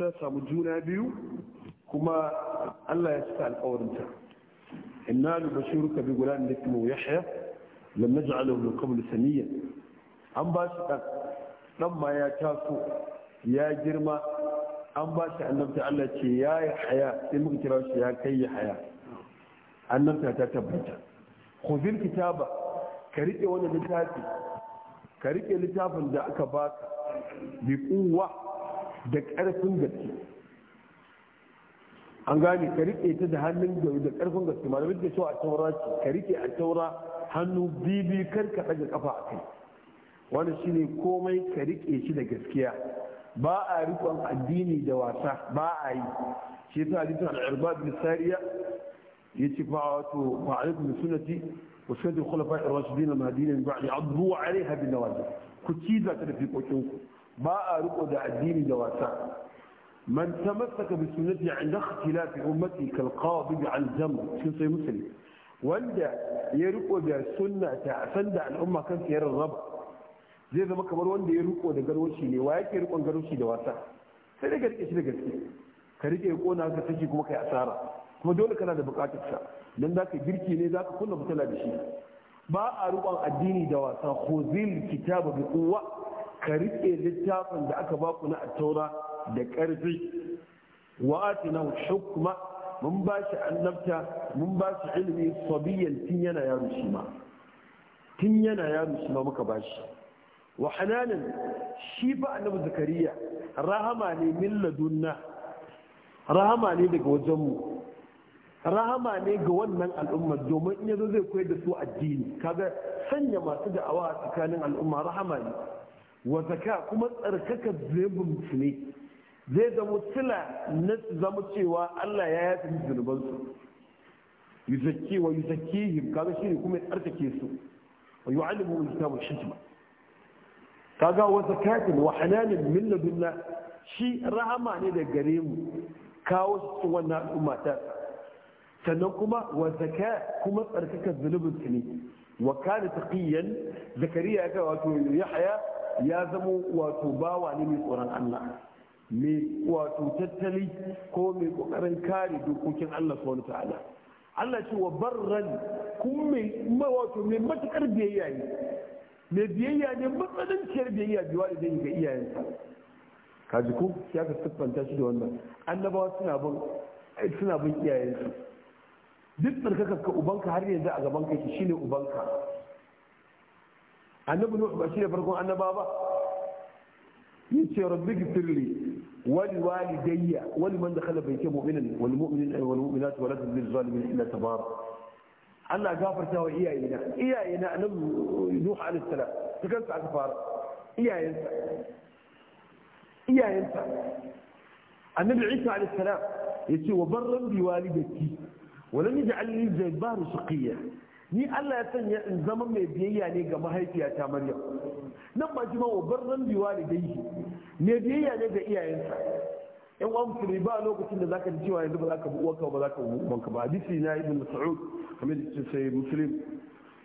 ta samu juna biyu kuma Allah ya cika alƙawarinta inna lu ka bi gulam lakum yahya lam naj'alahu min qabl samiyya an ba shi dan dan ma ya taso ya girma an ba shi annabta Allah ce ya yi haya sai muka kira shi ya kai ya haya annabta ta tabbata khudhil kitaba ka rike wannan littafi ka rike littafin da aka baka bi quwwa da ƙarfin gaske an gane ka riƙe ta da hannun da ƙarfin gaske malamin da so a taura ce ka riƙe a taura hannu bibi kar ka ɗaga ƙafa a kai wani shine komai ka riƙe shi da gaskiya ba a riƙon addini da wasa ba a yi shi ta hadisin al'arba bin sariya ya ce fa wato fa alaikum sunnati wa sunnati khulafa'i ar-rashidin al-mahdiyyin ba'di addu 'alayha bin nawajib ku ciza ta da fiƙoƙinku ba a riko da addini da wasa man tamassaka bi sunnati inda ikhtilafi ummati kal qadi al jamr sun sai musulmi wanda ya riko da sunna ta san da al'umma kan ya rarraba zai zama kamar wanda ya riko da garwashi ne wa yake rikon garwashi da wasa sai daga rike shi da gaske ka rike kona ka saki kuma kai asara kuma dole kana da bukatar sa dan zaka girki ne zaka kunna fitila da shi ba a rikon addini da wasa khuzil kitaba bi quwwa ka riƙe littafin da aka baku na taura da ƙarfi wa atina hukma mun ba shi annabta mun ba shi ilimi sabiyan tun yana yaro shi ma tun yana yaro shi ma muka ba shi wa hananan shi fa annabi zakariya rahama ne min ladunna rahama ne daga wajen mu, rahama ne ga wannan al'umma domin in yazo zai koyar da su addini kaga sanya masu da'awa a tsakanin al'umma rahama ne wa kuma tsarkaka zunubin su ne zai zama sila na zama cewa Allah ya yafi zunubansu yuzakki wa yuzakkihim kaga shine kuma ya tsarkake su wa yu'allimu al-kitaba wal-hikma kaga wa zakatin wa hananin min ladunna shi rahama ne da gare mu kawo su wannan al'umma ta sannan kuma wa zaka kuma tsarkaka zunubin su ne wa kana taqiyan zakariya ya wato yahya ya zama wato bawa ne mai tsoron Allah mai wato tattali ko mai kokarin kare dokokin Allah wani ta'ala Allah ce wa barran kun mai wato mai matukar biyayya ne mai biyayya ne matsananciyar biyayya biyuwa da zai ga iyayensa kaji ko ya ka siffanta shi da wannan annabawa suna bin suna bin iyayensu duk tsarkakar ka ubanka har yanzu a gaban ka shine ubanka النبي نوح بشيء فرقوا أن بابا يتشي ربك اغفر لي ولوالدي ولمن دخل بيتي مؤمنا والمؤمنين والمؤمنات ولا تزل الظالمين الا تبارك أنا غافر سوى إيا إينا إيا إينا نبي نوح عليه السلام تكلم على كفار إيا إينا إيا إينا النبي عيسى عليه السلام يتشي وبرا بوالدتي ولم يجعل لي زي بار سقيه ni Allah ya sanya in zama mai biyayya ne ga mahaifiyata Maryam nan ba jima wa barran biwa da dai ne biyayya ne ga iyayensa in wani fili ba lokacin da zaka ji cewa yanzu ba zaka bi uwarka ba zaka bi ubanka ba hadisi na ibn Mas'ud kamar da ce sai Muslim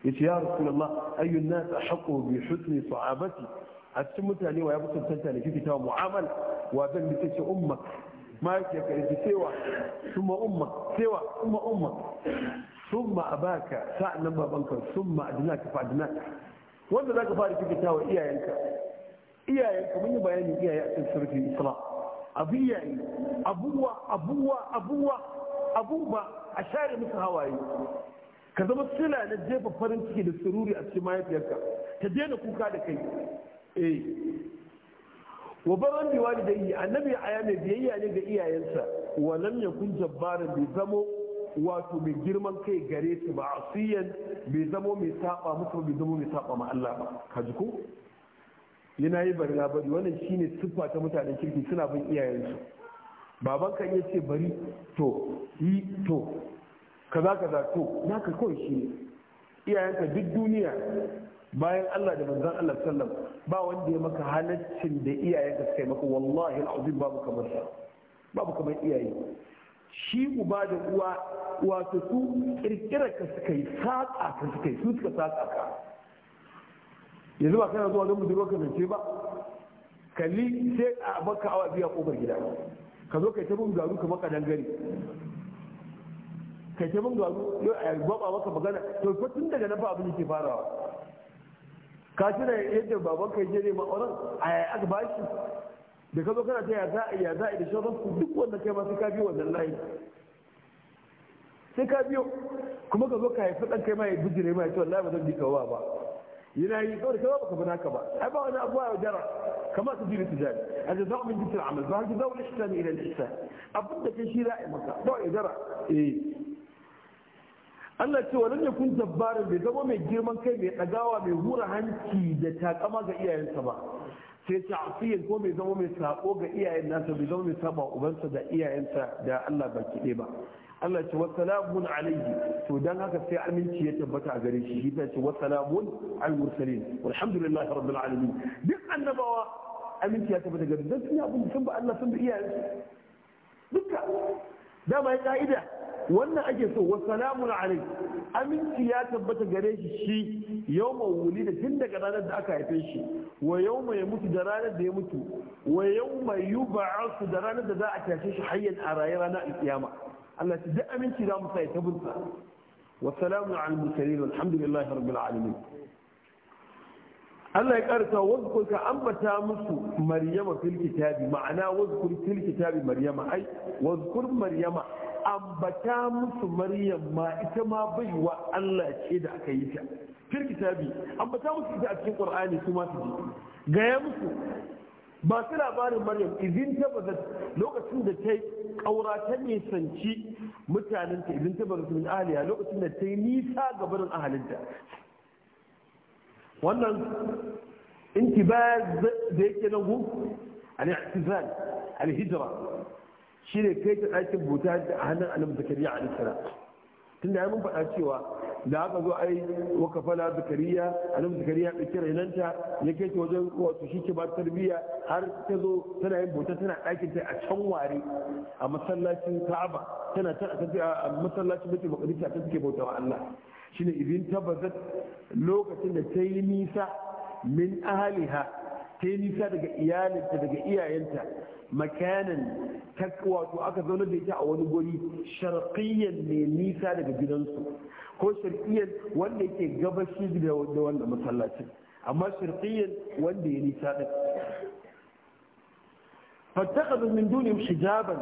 yace ya Rasulullah ayyun nas ahqqu bi husni sahabati a cikin mutane wa ya fi tantance ne kike ta mu'amala wa zan bi ce ummak mahaifiyarka ita cewa summa umma cewa summa umma summa abaka sa'annan babanka summa adinaka fa adinaka wanda zaka fara fikita wa iyayenka iyayenka mun yi bayanin iyaye a cikin surfin islam abu iyaye abuwa abuwa abuwa abuba a share musu hawaye ka zama suna na jefa farin ciki da sururi a cikin mahaifiyarka ta daina kuka da kai eh wa baran bi walidayhi annabi aya mai biyayya ne ga iyayensa wa lam yakun jabbaran bi zamo wato mai girman kai gare su ba asiyan bai zamo mai saba musu bai zamo mai saba ma Allah ba kaji ko yana yi bari na bari wannan shine siffa ta mutanen kirki suna bin iyayensu baban kan iya ce bari to yi to kaza kaza to naka kawai shi iyayenka duk duniya bayan Allah da manzon Allah sallam ba wanda ya maka halaccin da iyaye ka kai maka wallahi alazim babu kamar sa babu kamar iyaye shi uba da uwa wato su kirkira ka suka yi saƙa ka suka yi su suka saƙa ka yanzu ba kana zuwa don budurwa ka zance ba kalli sai a baka awa biya kofar gida ka zo kai ta bin garu ka maka dangare kai ta bin garu yau a gwaba maka magana to fa tun daga na fa abin ke farawa ka tuna yadda baban kai je neman auren a yaya aka ba shi da ka zo kana ta ya za'a ya za'a da shauran su duk wanda kai ma sai ka biyo wannan layi sai ka biyo kuma ka zo ka haifi ɗan kai ma ya bijire ma ya ce wallahi ba zan bi kawa ba yana yi saboda kai ba ka bana ka ba ai ba wani abuwa ya jara kama su jiri su jari a jaza min jikin amal ba har jaza wani ihsan ila ihsan abin da kai shi za'a maka ba ya jara eh Allah ce wa ya kun jabbarin bai zama mai girman kai mai ɗagawa mai hura hanci da takama ga iyayensa ba sai ta'asiyin ko bai zama mai sako ga iyayen nasa bai zama mai saba ubansa da iyayensa da Allah ba ɗaya ba Allah ce wa salamun alayhi to dan haka sai aminci ya tabbata a gare shi shi ta ce wa salamun al mursalin walhamdulillahi rabbil alamin duk annabawa aminci ya tabbata gare dan sun yi abin sun ba Allah sun bi iyayensu duka dama ya ka'ida wannan ake so wa salamun alai aminci ya tabbata gare shi shi yau wuli da tun daga ranar da aka haife shi wa yau mai mutu da ranar da ya mutu wa yau mai yi ba'asu da ranar da za a tashe shi hayyan a raye ranar alkiyama Allah ta duk aminci za mu sa ya tabinsa wa salamun al mursalin alhamdulillahi rabbil alamin Allah ya karanta wazkur ka ambata musu maryama fil kitabi ma'ana wazkur fil kitabi maryama ai wazkur maryama ambata musu maryam ma ita ma baiwa Allah ce da aka yi ta fil kitabi ambata musu ita a cikin qur'ani su ma su ji gaya musu ba su labarin maryam idin tabbatar lokacin da ta yi kaura ta sanci mutanen ta idin tabbatar min ahliya lokacin da ta yi nisa gabanin ahalinta wannan intibaz da yake nan gu an itizal al-hijra shine kai ta ɗakin buta da hannun annabi zakariya alayhi salam tunda ya mun faɗa cewa da aka zo ai wa kafala zakariya annabi zakariya da kira inanta ya kai ta wajen wato shi ke ba tarbiyya har ta zo tana yin buta tana ɗakin ta a can ware a masallacin Ka'aba tana ta a masallacin Baitul Maqdis ta take bautawa Allah shine idin tabbazat lokacin da ta yi nisa min ahaliha ta yi nisa daga iyalinta daga iyayenta makanan ta wato aka zaune da ita a wani guri sharqiyyan ne nisa daga gidansu ko sharqiyyan wanda yake gabashi da wanda masallacin amma sharqiyyan wanda ya nisa din fattakazu min dunihim hijaban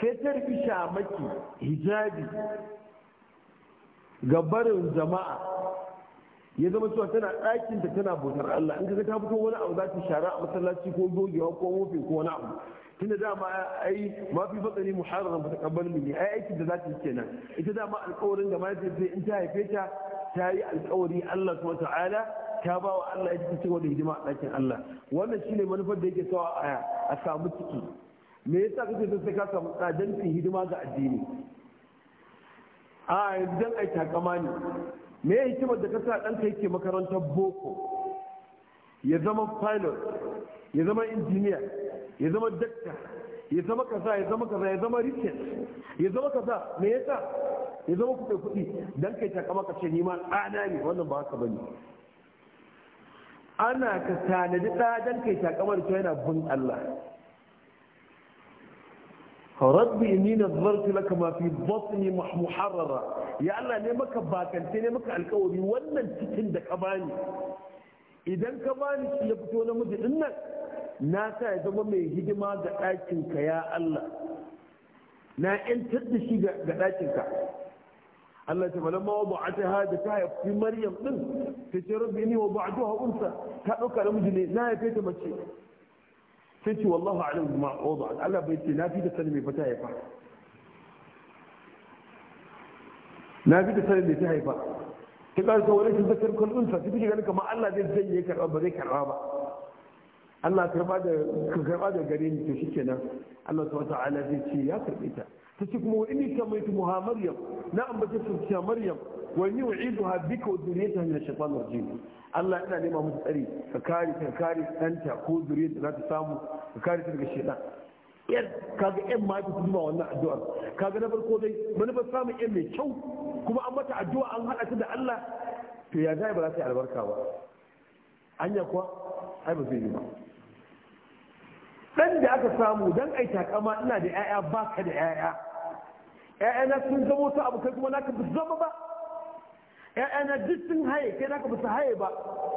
sai ta rufi shamaki hijabi ga barin jama'a ya zama cewa tana ɗakin ta tana bautar Allah in kaga ta fito wani abu za ta shara a masallaci ko gogewa ko mofe ko wani abu tunda dama ai ma fi fatsari muharram ta kabbal mini ai aikin da za ta yi kenan ita dama alƙawarin da zai in ta haife ta ta yi alƙawari Allah subhanahu ta'ala ta ba wa Allah ita ce da hidima a ɗakin Allah wannan shine manufar da yake sawa a samu ciki me yasa kake so sai ka samu tsadan hidima ga addini a yanzu ai takama ne me ya hikimar da ka dan ɗanka yake makarantar boko ya zama pilot ya zama injiniya ya zama dakta ya zama kaza ya zama kaza ya zama riches ya zama kaza me yasa ya zama kuɗe kuɗi dan kai takama ka ce ni ma ɗana ne wannan ba haka bane ana ka tanadi ɗaya dan kai takama da yana bin Allah rabbi inina nazartu laka ma fi batni muharrara ya Allah ne maka bakance ne maka alkawari wannan cikin da ka bani idan ka bani shi ya fito namiji din nan na sa ya zama mai hidima ga ɗakin ka ya Allah na yantar da shi ga ɗakin ka Allah ta bala ma wabata ha da ta haifi Maryam din ta ce rabbi ni wa ba'duha unsa ta dauka namiji ne na haife ta mace sai ce wallahu alim ma wada Allah bai ce na fi da sani mai fata haifa na fi da sani mai ta haifa ta ƙara sa wani zakar kullun sa take ganin kamar Allah zai janye karba ba zai karba ba Allah karba da karba da gare ni to shikenan Allah subhanahu wa ta'ala zai ce ya karbe ta tace kuma wa inni samaituha maryam na ambace ta maryam wa inni u'iduha bika wa dhurriyyataha min ash-shaytanir rajim Allah ina nema musu tsari ka kare ka kare ɗanta ko zuriyar da za ta samu ka kare ta daga shaidan yar kaga yan ma ta kuma wannan addu'a kaga na farko dai manufar samun yan mai kyau kuma an mata addu'a an hada ta da Allah to ya zai ba za ta yi albarka ba anya kuwa ai ba zai yi ba dan da aka samu dan ai takama ina da 'ya'ya baka da 'ya'ya na sun zama wata abu kai kuma naka ba zama ba 'ya'yana duk sun haye kai naka ba su haye ba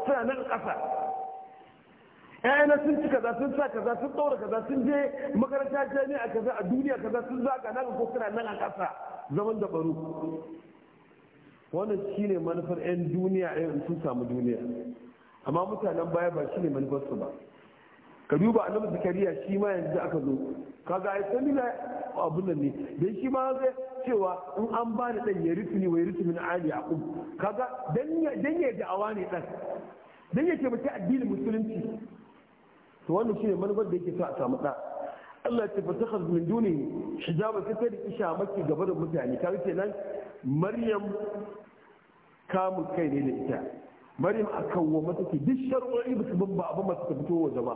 suna nan ƙasa ‘ya'yana sun ci kaza sun sa kaza sun ɗaura kaza sun je makaranta jami'a kaza a duniya kaza sun ka nan ko suna nan a ƙasa zaman da baro wannan shine manufar 'yan duniya ɗin sun samu duniya amma mutanen baya ba shine manufarsu ba ka duba annabi zakariya shi ma yanzu aka zo kaga ai sami ko abun nan ne dan shi ma zai cewa in an ba da dan ya rufe ni wai rufe ali yaqub kaga dan ya dan ya da awani dan dan ya mutai addinin musulunci to wannan shine manufar da yake so a samu da Allah ta fatakhaz min duni hijaba ta ta isha maki gaba da mutane kaga kenan Maryam kamun kai ne da ita Maryam akan wa mata ke duk shar'o'i ba su ban abin ba ta fito waje ba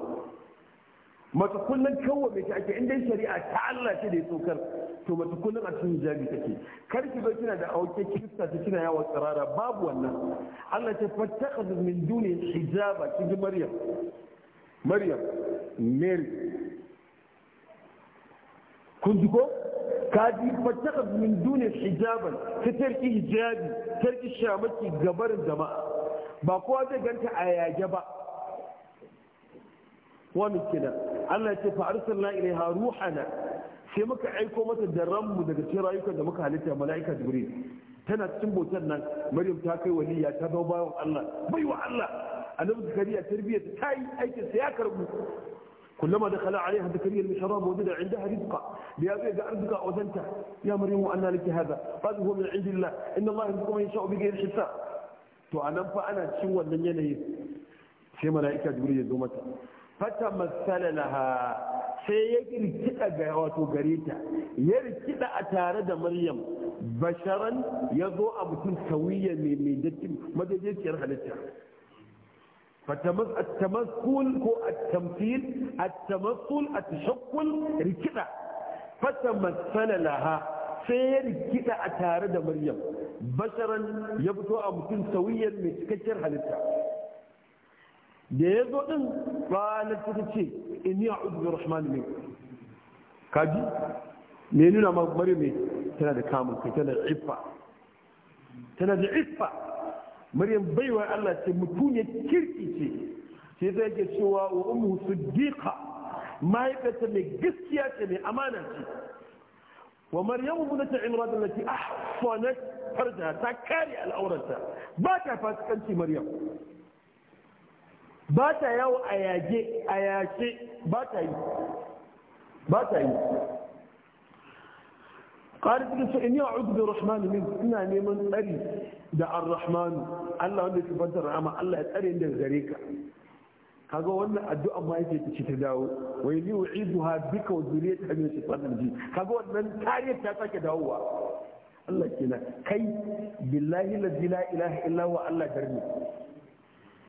mata kullum kawo mai ake inda shari'a ta Allah ce da ya tsokar to mata kullum a cikin hijabi take kar ki zo kina da auke kirista ta kina yawa tsirara babu wannan Allah ce fattaka min duni hijaba ki Maryam Maryam Mary kun ji ko ka ji fattaka min duni hijaban ta tarki hijabi tarki shamaki gabar jama'a ba kowa zai ganta a yage ba wa miskina Allah ya ce fa arsalna ilaiha ruhana sai muka aiko mata da ranmu daga cikin rayukan da muka halitta mala'ika jibril tana cikin bautar nan maryam ta kai waliya ta zama bawan Allah baiwa Allah annabi zakariya tarbiyyar ta yi aikin sa ya karbu كلما دخل عليها زكريا المحراب وجد عندها رزقا ليبيع رزقا وزنتا يا مريم أن لك هذا قال هو من عند الله إن الله يرزق من يشاء بغير حساب to a nan fa ana cin wannan yanayin sai mala'ika jibril ya mata fata masalalaha sai ya rikida ga wato gare ta ya rikida a tare da maryam basharan ya zo a mutum sauyiya mai mai dattin madajiyar halitta فتمثل كو التمثيل التمثل التشكل ركدا فتمثل لها sai rikida a tare da maryam basharan ya fito a mutum sauyin mai cikakkiyar halitta da ya zo ɗin ƙwalar ta ce in yi a uzu rahman ne kaji me nuna ma mare mai tana da kamun kai tana da iffa tana da iffa maryam baiwa Allah ce mutuniyar kirki ce sai ta yake cewa wa su siddiqa mahaifiyarta mai gaskiya ce mai amana ce wa maryamu bunata imran allati ahsanat farjaha ta kare al'aurata ba ta fasikanci maryam ba ta yawo a yage a yashe ba ta yi ba ta yi ƙari cikin su yi a ugbin rahman min ina neman tsari da ar-rahman Allah wanda ke fanta rahama Allah ya tsare da gare ka kaga wannan addu'a ma yake ta ci ta dawo wai ni ha bika wa zuriyata min shaytanir rajim kaga wannan tarihi ta sake dawowa Allah kenan kai billahi la ilaha illa wa Allah garni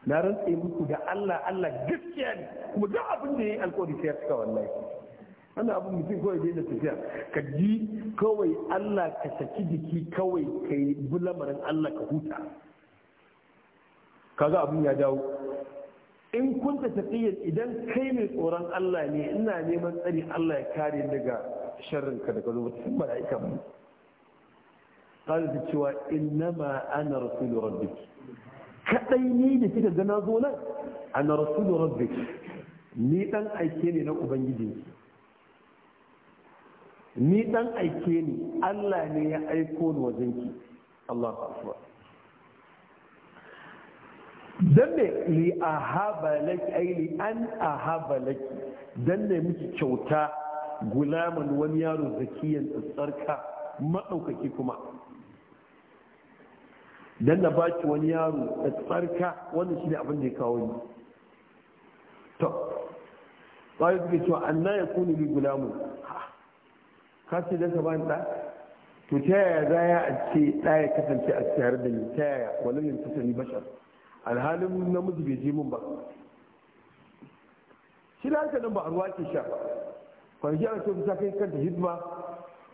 na rantse muku da Allah Allah gaskiya ne kuma duk abin da yayi alƙawari sai ya cika wallahi wannan abin mutum kawai daina tafiya ka ji kawai Allah ka saki jiki kawai ka yi bulamarin Allah ka huta kaga abin ya dawo in kun ta tafiya idan kai mai tsoron Allah ne ina neman tsari Allah ya kare daga sharrin ka daga lokacin mala'ika mu ba da cewa innama ana rasulu rabbi. Kaɗai ni da kika ga na zo nan ana rasulu rabbik ni dan aike ne na ubangijinki ni dan aike ne Allah ne ya aiko ni wajenki Allahu akbar dan ne li ahaba laki ai li an ahaba laki dan ne miki kyauta gulaman wani yaro zakiyan tsarka madaukaki kuma dan na baki wani yaro da tsarka wannan shine abin da ya kawo ni to bayan suke cewa anna ya kuni bi gulamu ka ce da ka bani da to ta yaya za ya a ce da ya kasance a tsayar da ni ta yaya wala yin tasani bashar alhalin namiji bai je mun ba shi da haka nan ba a ruwa ke sha kwanaki ana so ta kai kanta hidima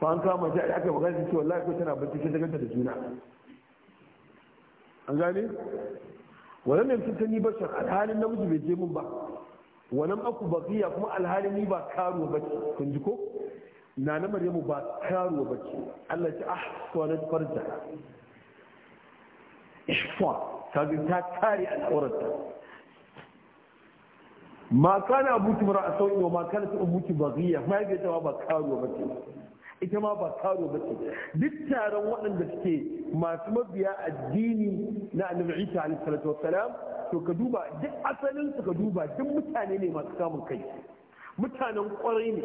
Ba an kama ta aka magana shi? ce wallahi ko tana bincike da ganta da juna an gane wannan ne ta ni bashar alhalin namiji bai je mun ba wannan aku baqiya kuma alhalin ni ba ba ce kun ji ko na na maryamu ba ba ce Allah ya ahsanat farja ta kaga ta kare al'aurarta ma kana abuki mar'a sauƙi wa ma kana abuki baqiya ma yake tawa ba karuwa ce ita ma ba karo ba ce duk taron waɗanda suke masu mabiya addini na annabi Isa alaihi salatu wassalam to ka duba duk asalin su ka duba duk mutane ne masu kamun kai mutanen kwarai ne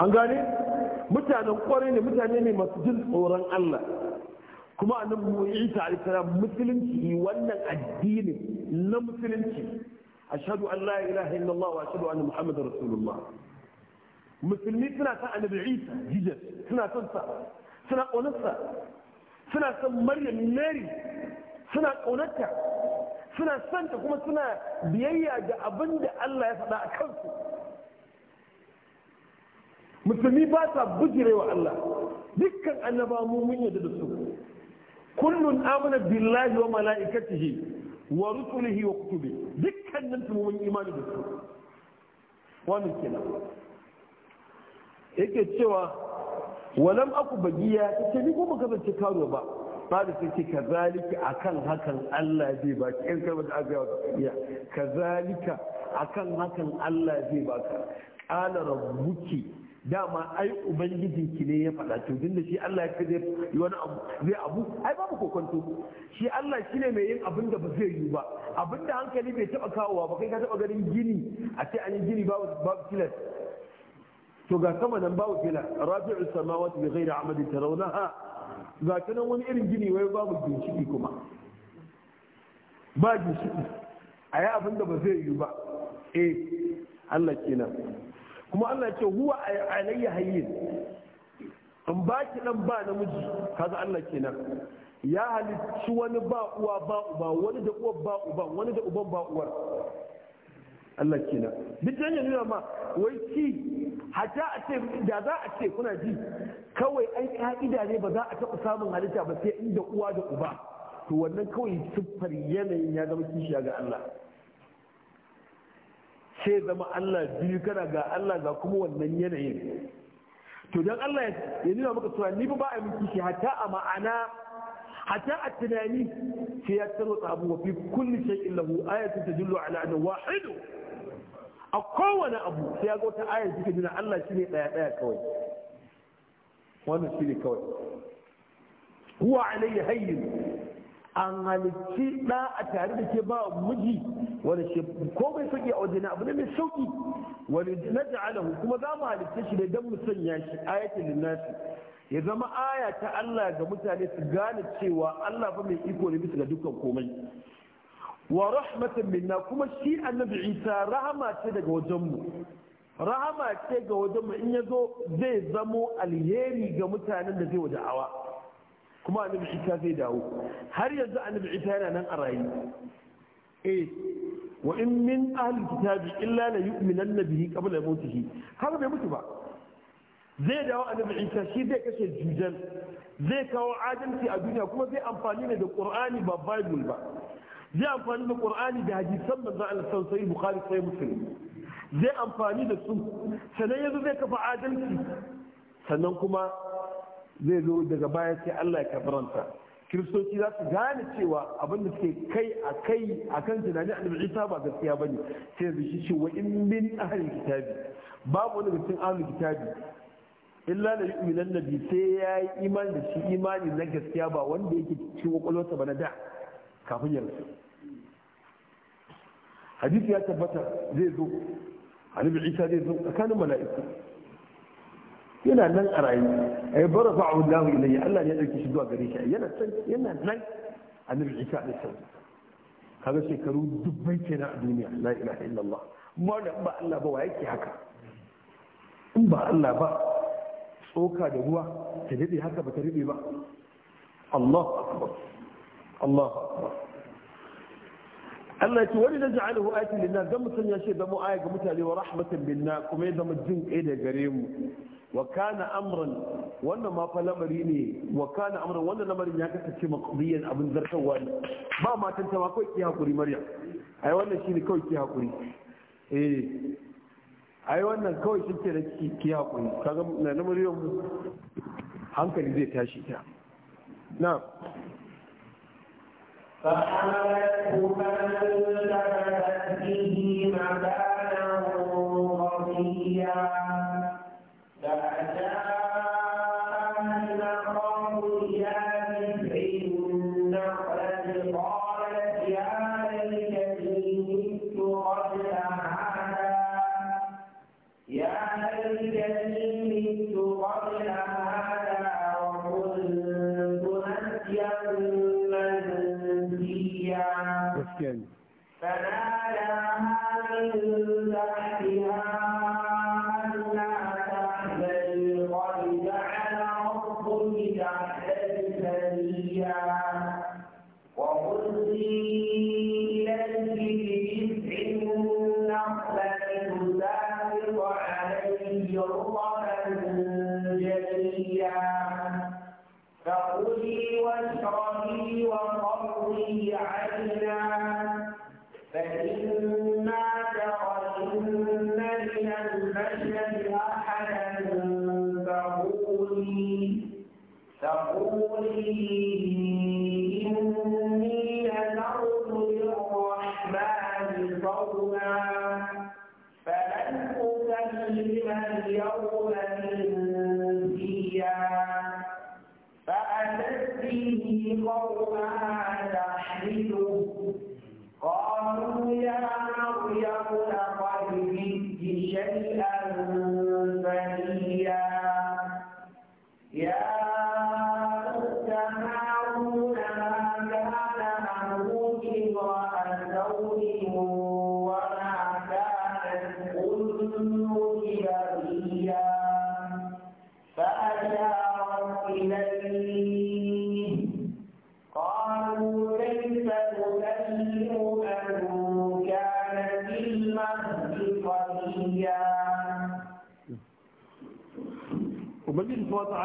an gane mutanen kwarai ne mutane ne masu jin tsoron Allah kuma annabi Isa alaihi salam musulunci wannan addinin na musulunci ashhadu an la ilaha illallah wa ashhadu anna muhammadar rasulullah musulmi suna son annabi isa jijiyar suna son sa suna ƙaunarsa suna son maryam mary suna ƙaunarta suna son ta kuma suna biyayya ga abin da allah ya faɗa a kansu musulmi ba sa wa allah dukkan annaba mu mun yadda da su kullun amana billahi wa mala'ikatihi wa rusulihi wa kutubi nan su mun imani da su wannan kenan yake cewa walam aku bagiya ta ce ni kuma kasance karo ba ba da sai ce kazalika akan hakan Allah zai ba ki yanka karba da aka yawa kazalika akan hakan Allah zai ba ka qala rabbuki dama ai ubangiji ki ne ya faɗa to dinda shi Allah ya kaje yi wani abu zai abu ai babu kokonto shi Allah shine mai yin abin da ba zai yi ba abin da hankali bai taba kawowa ba kai ka taba ganin gini a ce an yi gini babu tilas to ga sama nan babu fila rafi'u samawati bi ghairi amadin tarawnaha ga kana wani irin gini wai babu ginshiki kuma ba ginshiki a yi abin da ba zai yi ba eh Allah kenan kuma Allah ce huwa alayya hayyin in ba ki dan ba namiji kaga Allah kenan ya halittu wani ba uwa ba uba wani da uwa ba uba wani da uban ba uwar Allah kenan duk dan ya nuna ma wai ki hatta a ce da za a ce kuna ji kawai ai ka'ida ne ba za a taɓa samun halitta ba sai inda uwa da uba to wannan kawai siffar yanayin ya zama kishiya ga Allah sai zama Allah biyu kana ga Allah ga kuma wannan yanayin to dan Allah ya nuna maka cewa ni ba a miki shi hatta a ma'ana hatta a tunani sai ya tsaro tsabu wa fi kulli shay'in lahu ayatun tadullu ala wa haidu. a kowane abu sai ya ga wata ayar suka nuna Allah shi ne ɗaya ɗaya kawai wani shi ne kawai huwa alayya hayyin an halicci ɗa a tare da ke ba miji wani shi ko bai sauki a wajen abu ne mai sauki wani na ja'ala kuma za mu halicce shi ne don mu sanya shi ayatul linnasi ya zama aya ta Allah ga mutane su gane cewa Allah fa mai iko ne bisa ga dukkan komai wa rahmatan minna kuma shi annabi isa rahama ce daga wajen mu rahama ce ga wajen mu in ya zo zai zamo alheri ga mutanen da zai wa da'awa kuma annabi isa zai dawo har yanzu annabi isa yana nan a rayu eh wa in min ahli kitabi illa la yu'minanna bihi qabla mawtihi har bai mutu ba zai dawo annabi isa shi zai kashe jujal zai kawo adalci a duniya kuma zai amfani ne da qur'ani ba bible ba zai amfani da ƙur'ani da hadisan manzon Allah san sai bukhari sai musulmi zai amfani da su sannan yanzu zai kafa adalci sannan kuma zai zo daga baya sai Allah ya kafaranta kiristoci za su gane cewa abin da suke kai a kai a kan tunanin annabi ba gaskiya ne sai yanzu shi ce wa in min ahalin kitabi babu wani mutum ahalin kitabi illa da yu'minan nabi sai ya yi imani da shi imani na gaskiya ba wanda yake cikin kwakwalwarsa ba na da kafin ya rasu hadisi ya tabbata zai zo annabi isa zai zo tsakanin mala'iku yana nan a rayu ay barafa Allah ilayya Allah ne ya ɗauki shi zuwa gare shi yana san yana nan annabi isa alaihi salam kaga shekaru dubbai kenan a duniya la ilaha illallah ba ba Allah ba wa yake haka in ba Allah ba tsoka da ruwa ta daɗe haka ba ta daɗe ba allah akbar Allah Allah ce wani da ja'alahu ayatin lillah dan mutum ya ce zama aya ga mutane wa rahmatan billah kuma ya zama jin kai da gare mu wa kana amran wannan ma fa lamari ne wa kana amran wannan lamarin ya kasance maqdiyan abin zartarwa ne ba matan ta ma kai ki hakuri maryam ai wannan shine kawai ki hakuri eh ai wannan kawai shi ke da ki hakuri kaga na lamarin hankali zai tashi ta na'am فحملته فانتبذت به مكانا قصيا من البشر أحدا فقولي فقولي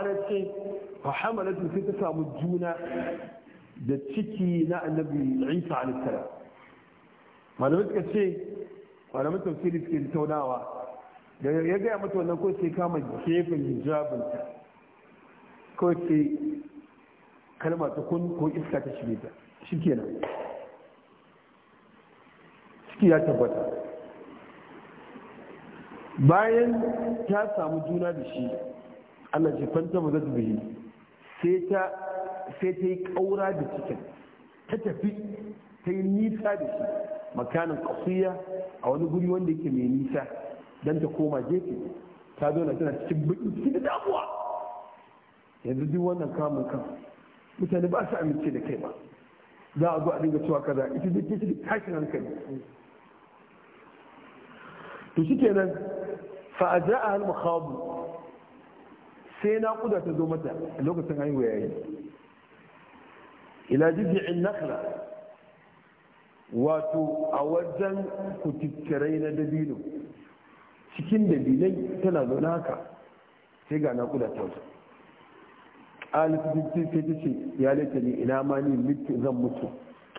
ƙwarar ce fa hamalatu sai ta samu juna da ciki na annabi isa alisara malamai suka ce malamai tafsiri suke taunawa, da ya gaya mata wannan ko sai kama gefen hijabinta ko sai kalma ta kun ko iska ta shige ta shi ciki ya tabbata bayan ta samu juna da shi Allah ce fanta mu zata bihi sai ta yi kaura da cikin ta tafi ta yi nisa da shi makanin kasuya a wani guri wanda yake mai nisa don ta koma gefe ta zo na tana cikin bukin cikin da damuwa yanzu duk wannan kamun kan mutane ba su amince da kai ba za a zo a dinga cewa kaza ita da ke cikin tashin hankali to shi kenan fa a har sai kuda ta zo mata a lokacin haihuwa yayi ila jibi'in nakhla wato a wajen kutittirai na dabino cikin dabilai tana zaune haka sai ga naƙuda ta zo alifitin sai ta ce ya laita ne ina ma ni mutu zan mutu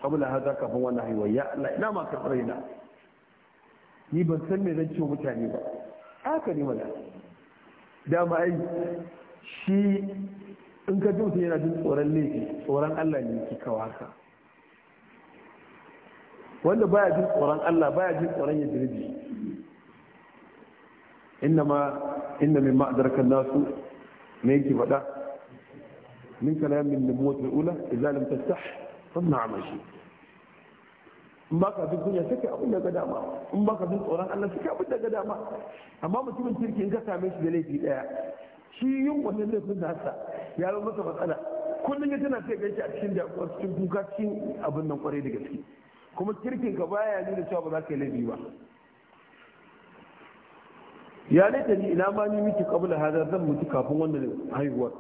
kabula haza kafin wannan haihuwa ya Allah ina ma karɓar ina ni ban san me zan ce mutane ba haka ne mana dama ai shi in ka ji yana jin tsoron laifi tsoron Allah ne ke kawo haka wanda baya jin tsoron Allah baya jin tsoron ya dirbi inda inna min ma'adarka nasu me yake faɗa min kalamin da mutum ula idan lam tastah fa na'amashi in baka jin kunya take abin da ga dama in baka jin tsoron Allah take abin da ga dama amma mutumin kirki in ka same shi da laifi daya shi yin wannan laifin sa ya zama masa matsala kullum ya tana sai gaishe a cikin damuwa cikin kuka cikin abin nan kwarai da gaske kuma kirkin ka baya da cewa ba za ka yi laifi ba ya laita ni ina ma ni miki kabula hada zan mutu kafin wannan haihuwar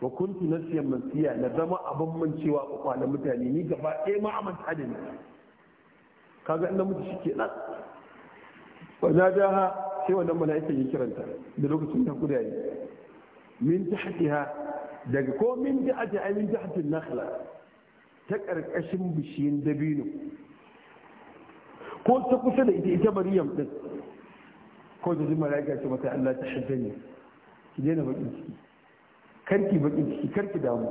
wa kuntu nasiyan mansiya na zama abin mancewa a kwakwalen mutane ni gaba ɗaya ma a da ni kaga in namiji shi ke nan wanda ha sai wannan mala'ika ya kiranta da lokacin ta kuda yi min tahtiha daga ko min da aje ai min tahtin nakhla ta karkashin bishiyin dabino ko ta kusa da ita ita maryam din ko da jin mala'ika ce mata Allah ta haddani ki daina bakin ciki karki bakin ciki karki damu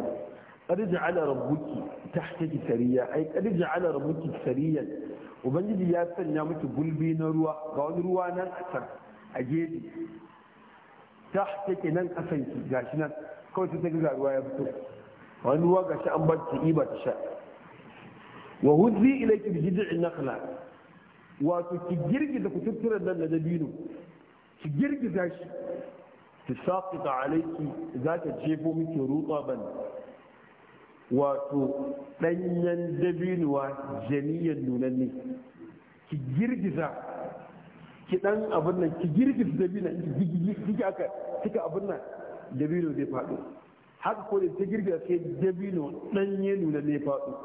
قد جعل ربك تحتك سريا أي قد جعل ربك سريا ubangiji ya sanya miki gulbi na ruwa ga wani ruwa nan a can a gefe ta take nan kasan ki gashi nan kawai sai ta ga ruwa ya fito wani ruwa gashi an bar ki iba ta sha wa huzzi ilayki bi jid'in nakhla wato ki girgiza kututturan nan na dabino ki girgiza shi ki saqita alayki za ta jefo miki rutsaban wato ɗanyen dabinuwa janiyan ne ki girgiza ki ɗan abin nan ki girgiza dabinan ki aka cika abin nan dabino zai faɗo haka ko da ta girgiza sai dabino ɗanye ne faɗo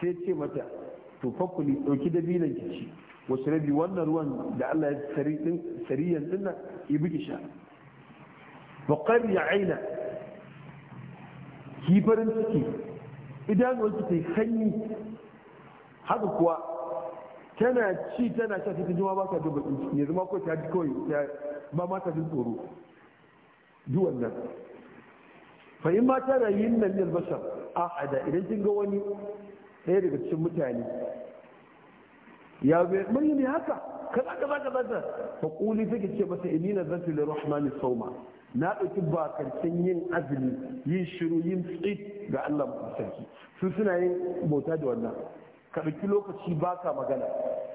sai ce mata to fakuli ɗauki dabinan ki ci wasu rabi wannan ruwan da Allah ya sariyan ɗin nan ibi ki sha. Bakar ya aina ki farin ciki idanuwarki ta yi hanyi haka kuwa tana ci tana sha ta jima ba ta jin ciki yanzu ma ko ta ji kawai ba ma ta jin tsoro ji wannan fa in ma ta rayin nan ne bashar ahada idan kin ga wani ɗaya daga cikin mutane ya bai mai haka kaza kaza kaza ta fa kuli take ce masa inina zatu lirrahmani sawma na ɗauki bakarcin yin azumi yin shiru yin tsit ga Allah sarki su suna yin bauta da wannan ka ɗauki lokaci baka magana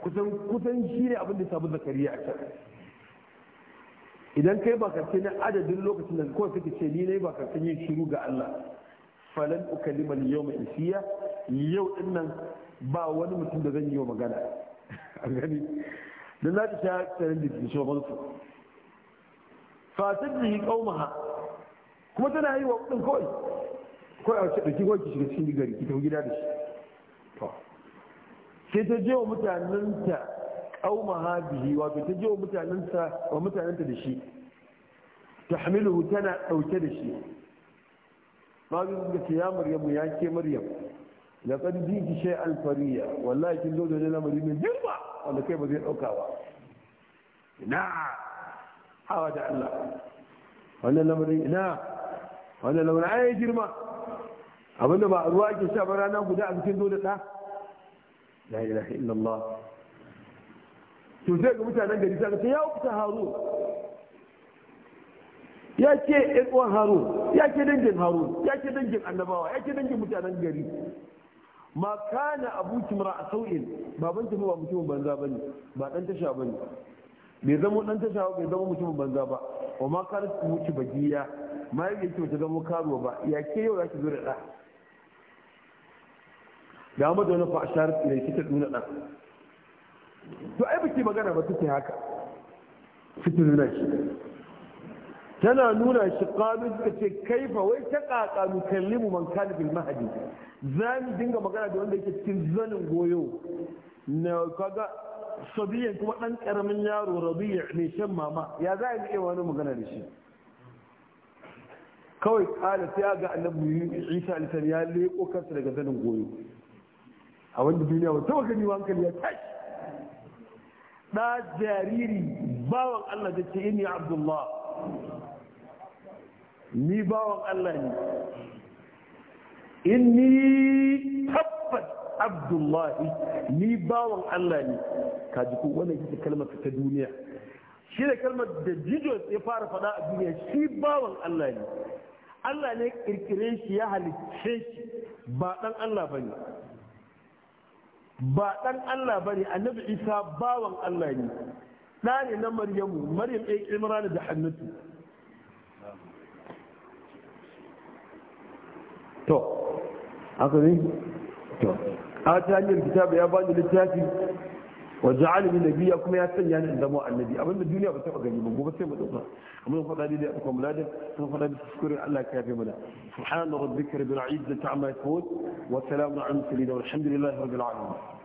kusan kusan shi ne abin sabu zakariya a can idan kai bakarce na adadin lokacin da kawai suke ce ni na yi yin shiru ga Allah falan ukalima yau mai isiya yau din ba wani mutum da zan yi wa magana a gani don za ta sha tsarin da ke fatar da yi ƙaumaha kuma tana yi wa kudin kawai kawai a cikin ɗauki wanki shiga cikin gari ki tafi gida da shi to sai ta je wa mutanenta ƙaumaha bihi wato ta je wa mutanenta wa mutanenta da shi ta hamilu tana ɗauke da shi Babu da ce ya maryamu ya ke maryam da ƙarfi ki shai alfariya wallahi kin zo da lamari mai girma wanda kai ba zai ɗauka ba na hawa da Allah wannan lamarin ina wannan lamarin ai girma abinda ba ruwa ke sha ba rana guda a cikin dole da la ilaha illallah to sai ga mutanen gari sai ga ya fita harun ya ce ɗan uwan harun ya ce dangin harun ya ce dangin annabawa ya ce dangin mutanen gari ma kana abu kimra a sau'in baban tafi ba mutumin banza ba ne, ba dan tasha ba ne. bai zama dan tasha bai zama mutumin banza ba wa ma kana muci bagiya ma yake ce ta zama karuwa ba ya ke yau zaki zo da da da mu da wani fa ashar ne ki ta nuna da to ai baki magana ba take haka fitin nuna shi tana nuna shi da suka ce kaifa wai ta kakalu kallimu man kana bil mahdi za mu dinga magana da wanda yake cikin zanin goyo na kaga sabiya kuma ɗan ƙaramin yaro rabiya mai shan mama ya za a iya wani magana da shi kawai kala sai ga annabi isa alisan ya leko kansa daga zanin goyo a wanda duniya wata baka ni hankali ya tashi da jariri bawan allah da ce ni abdullah ni bawan allah ne inni tabbata abdullahi ni bawan Allah ne ka ji ko wannan ita kalmar ta duniya shi da kalmar da jijo ya fara faɗa a duniya shi bawan Allah ne Allah ne kirkire shi ya halicce shi ba dan Allah bane ba dan Allah bane annabi Isa bawan Allah ne da ne na Maryamu Maryam ɗaya Imran da Hannatu to aka ne to اتاني الكتاب يا باني للتاسي وجعلني نبيا كما يسن يعني عندما النبي ابن الدنيا بتبقى غني من غوبه سي مدوفا امم فدا دي دي اكو ملاد سن فدا بشكر الله كافي ملا سبحان ربك رب العزه عما يقول وسلام على المرسلين والحمد لله رب العالمين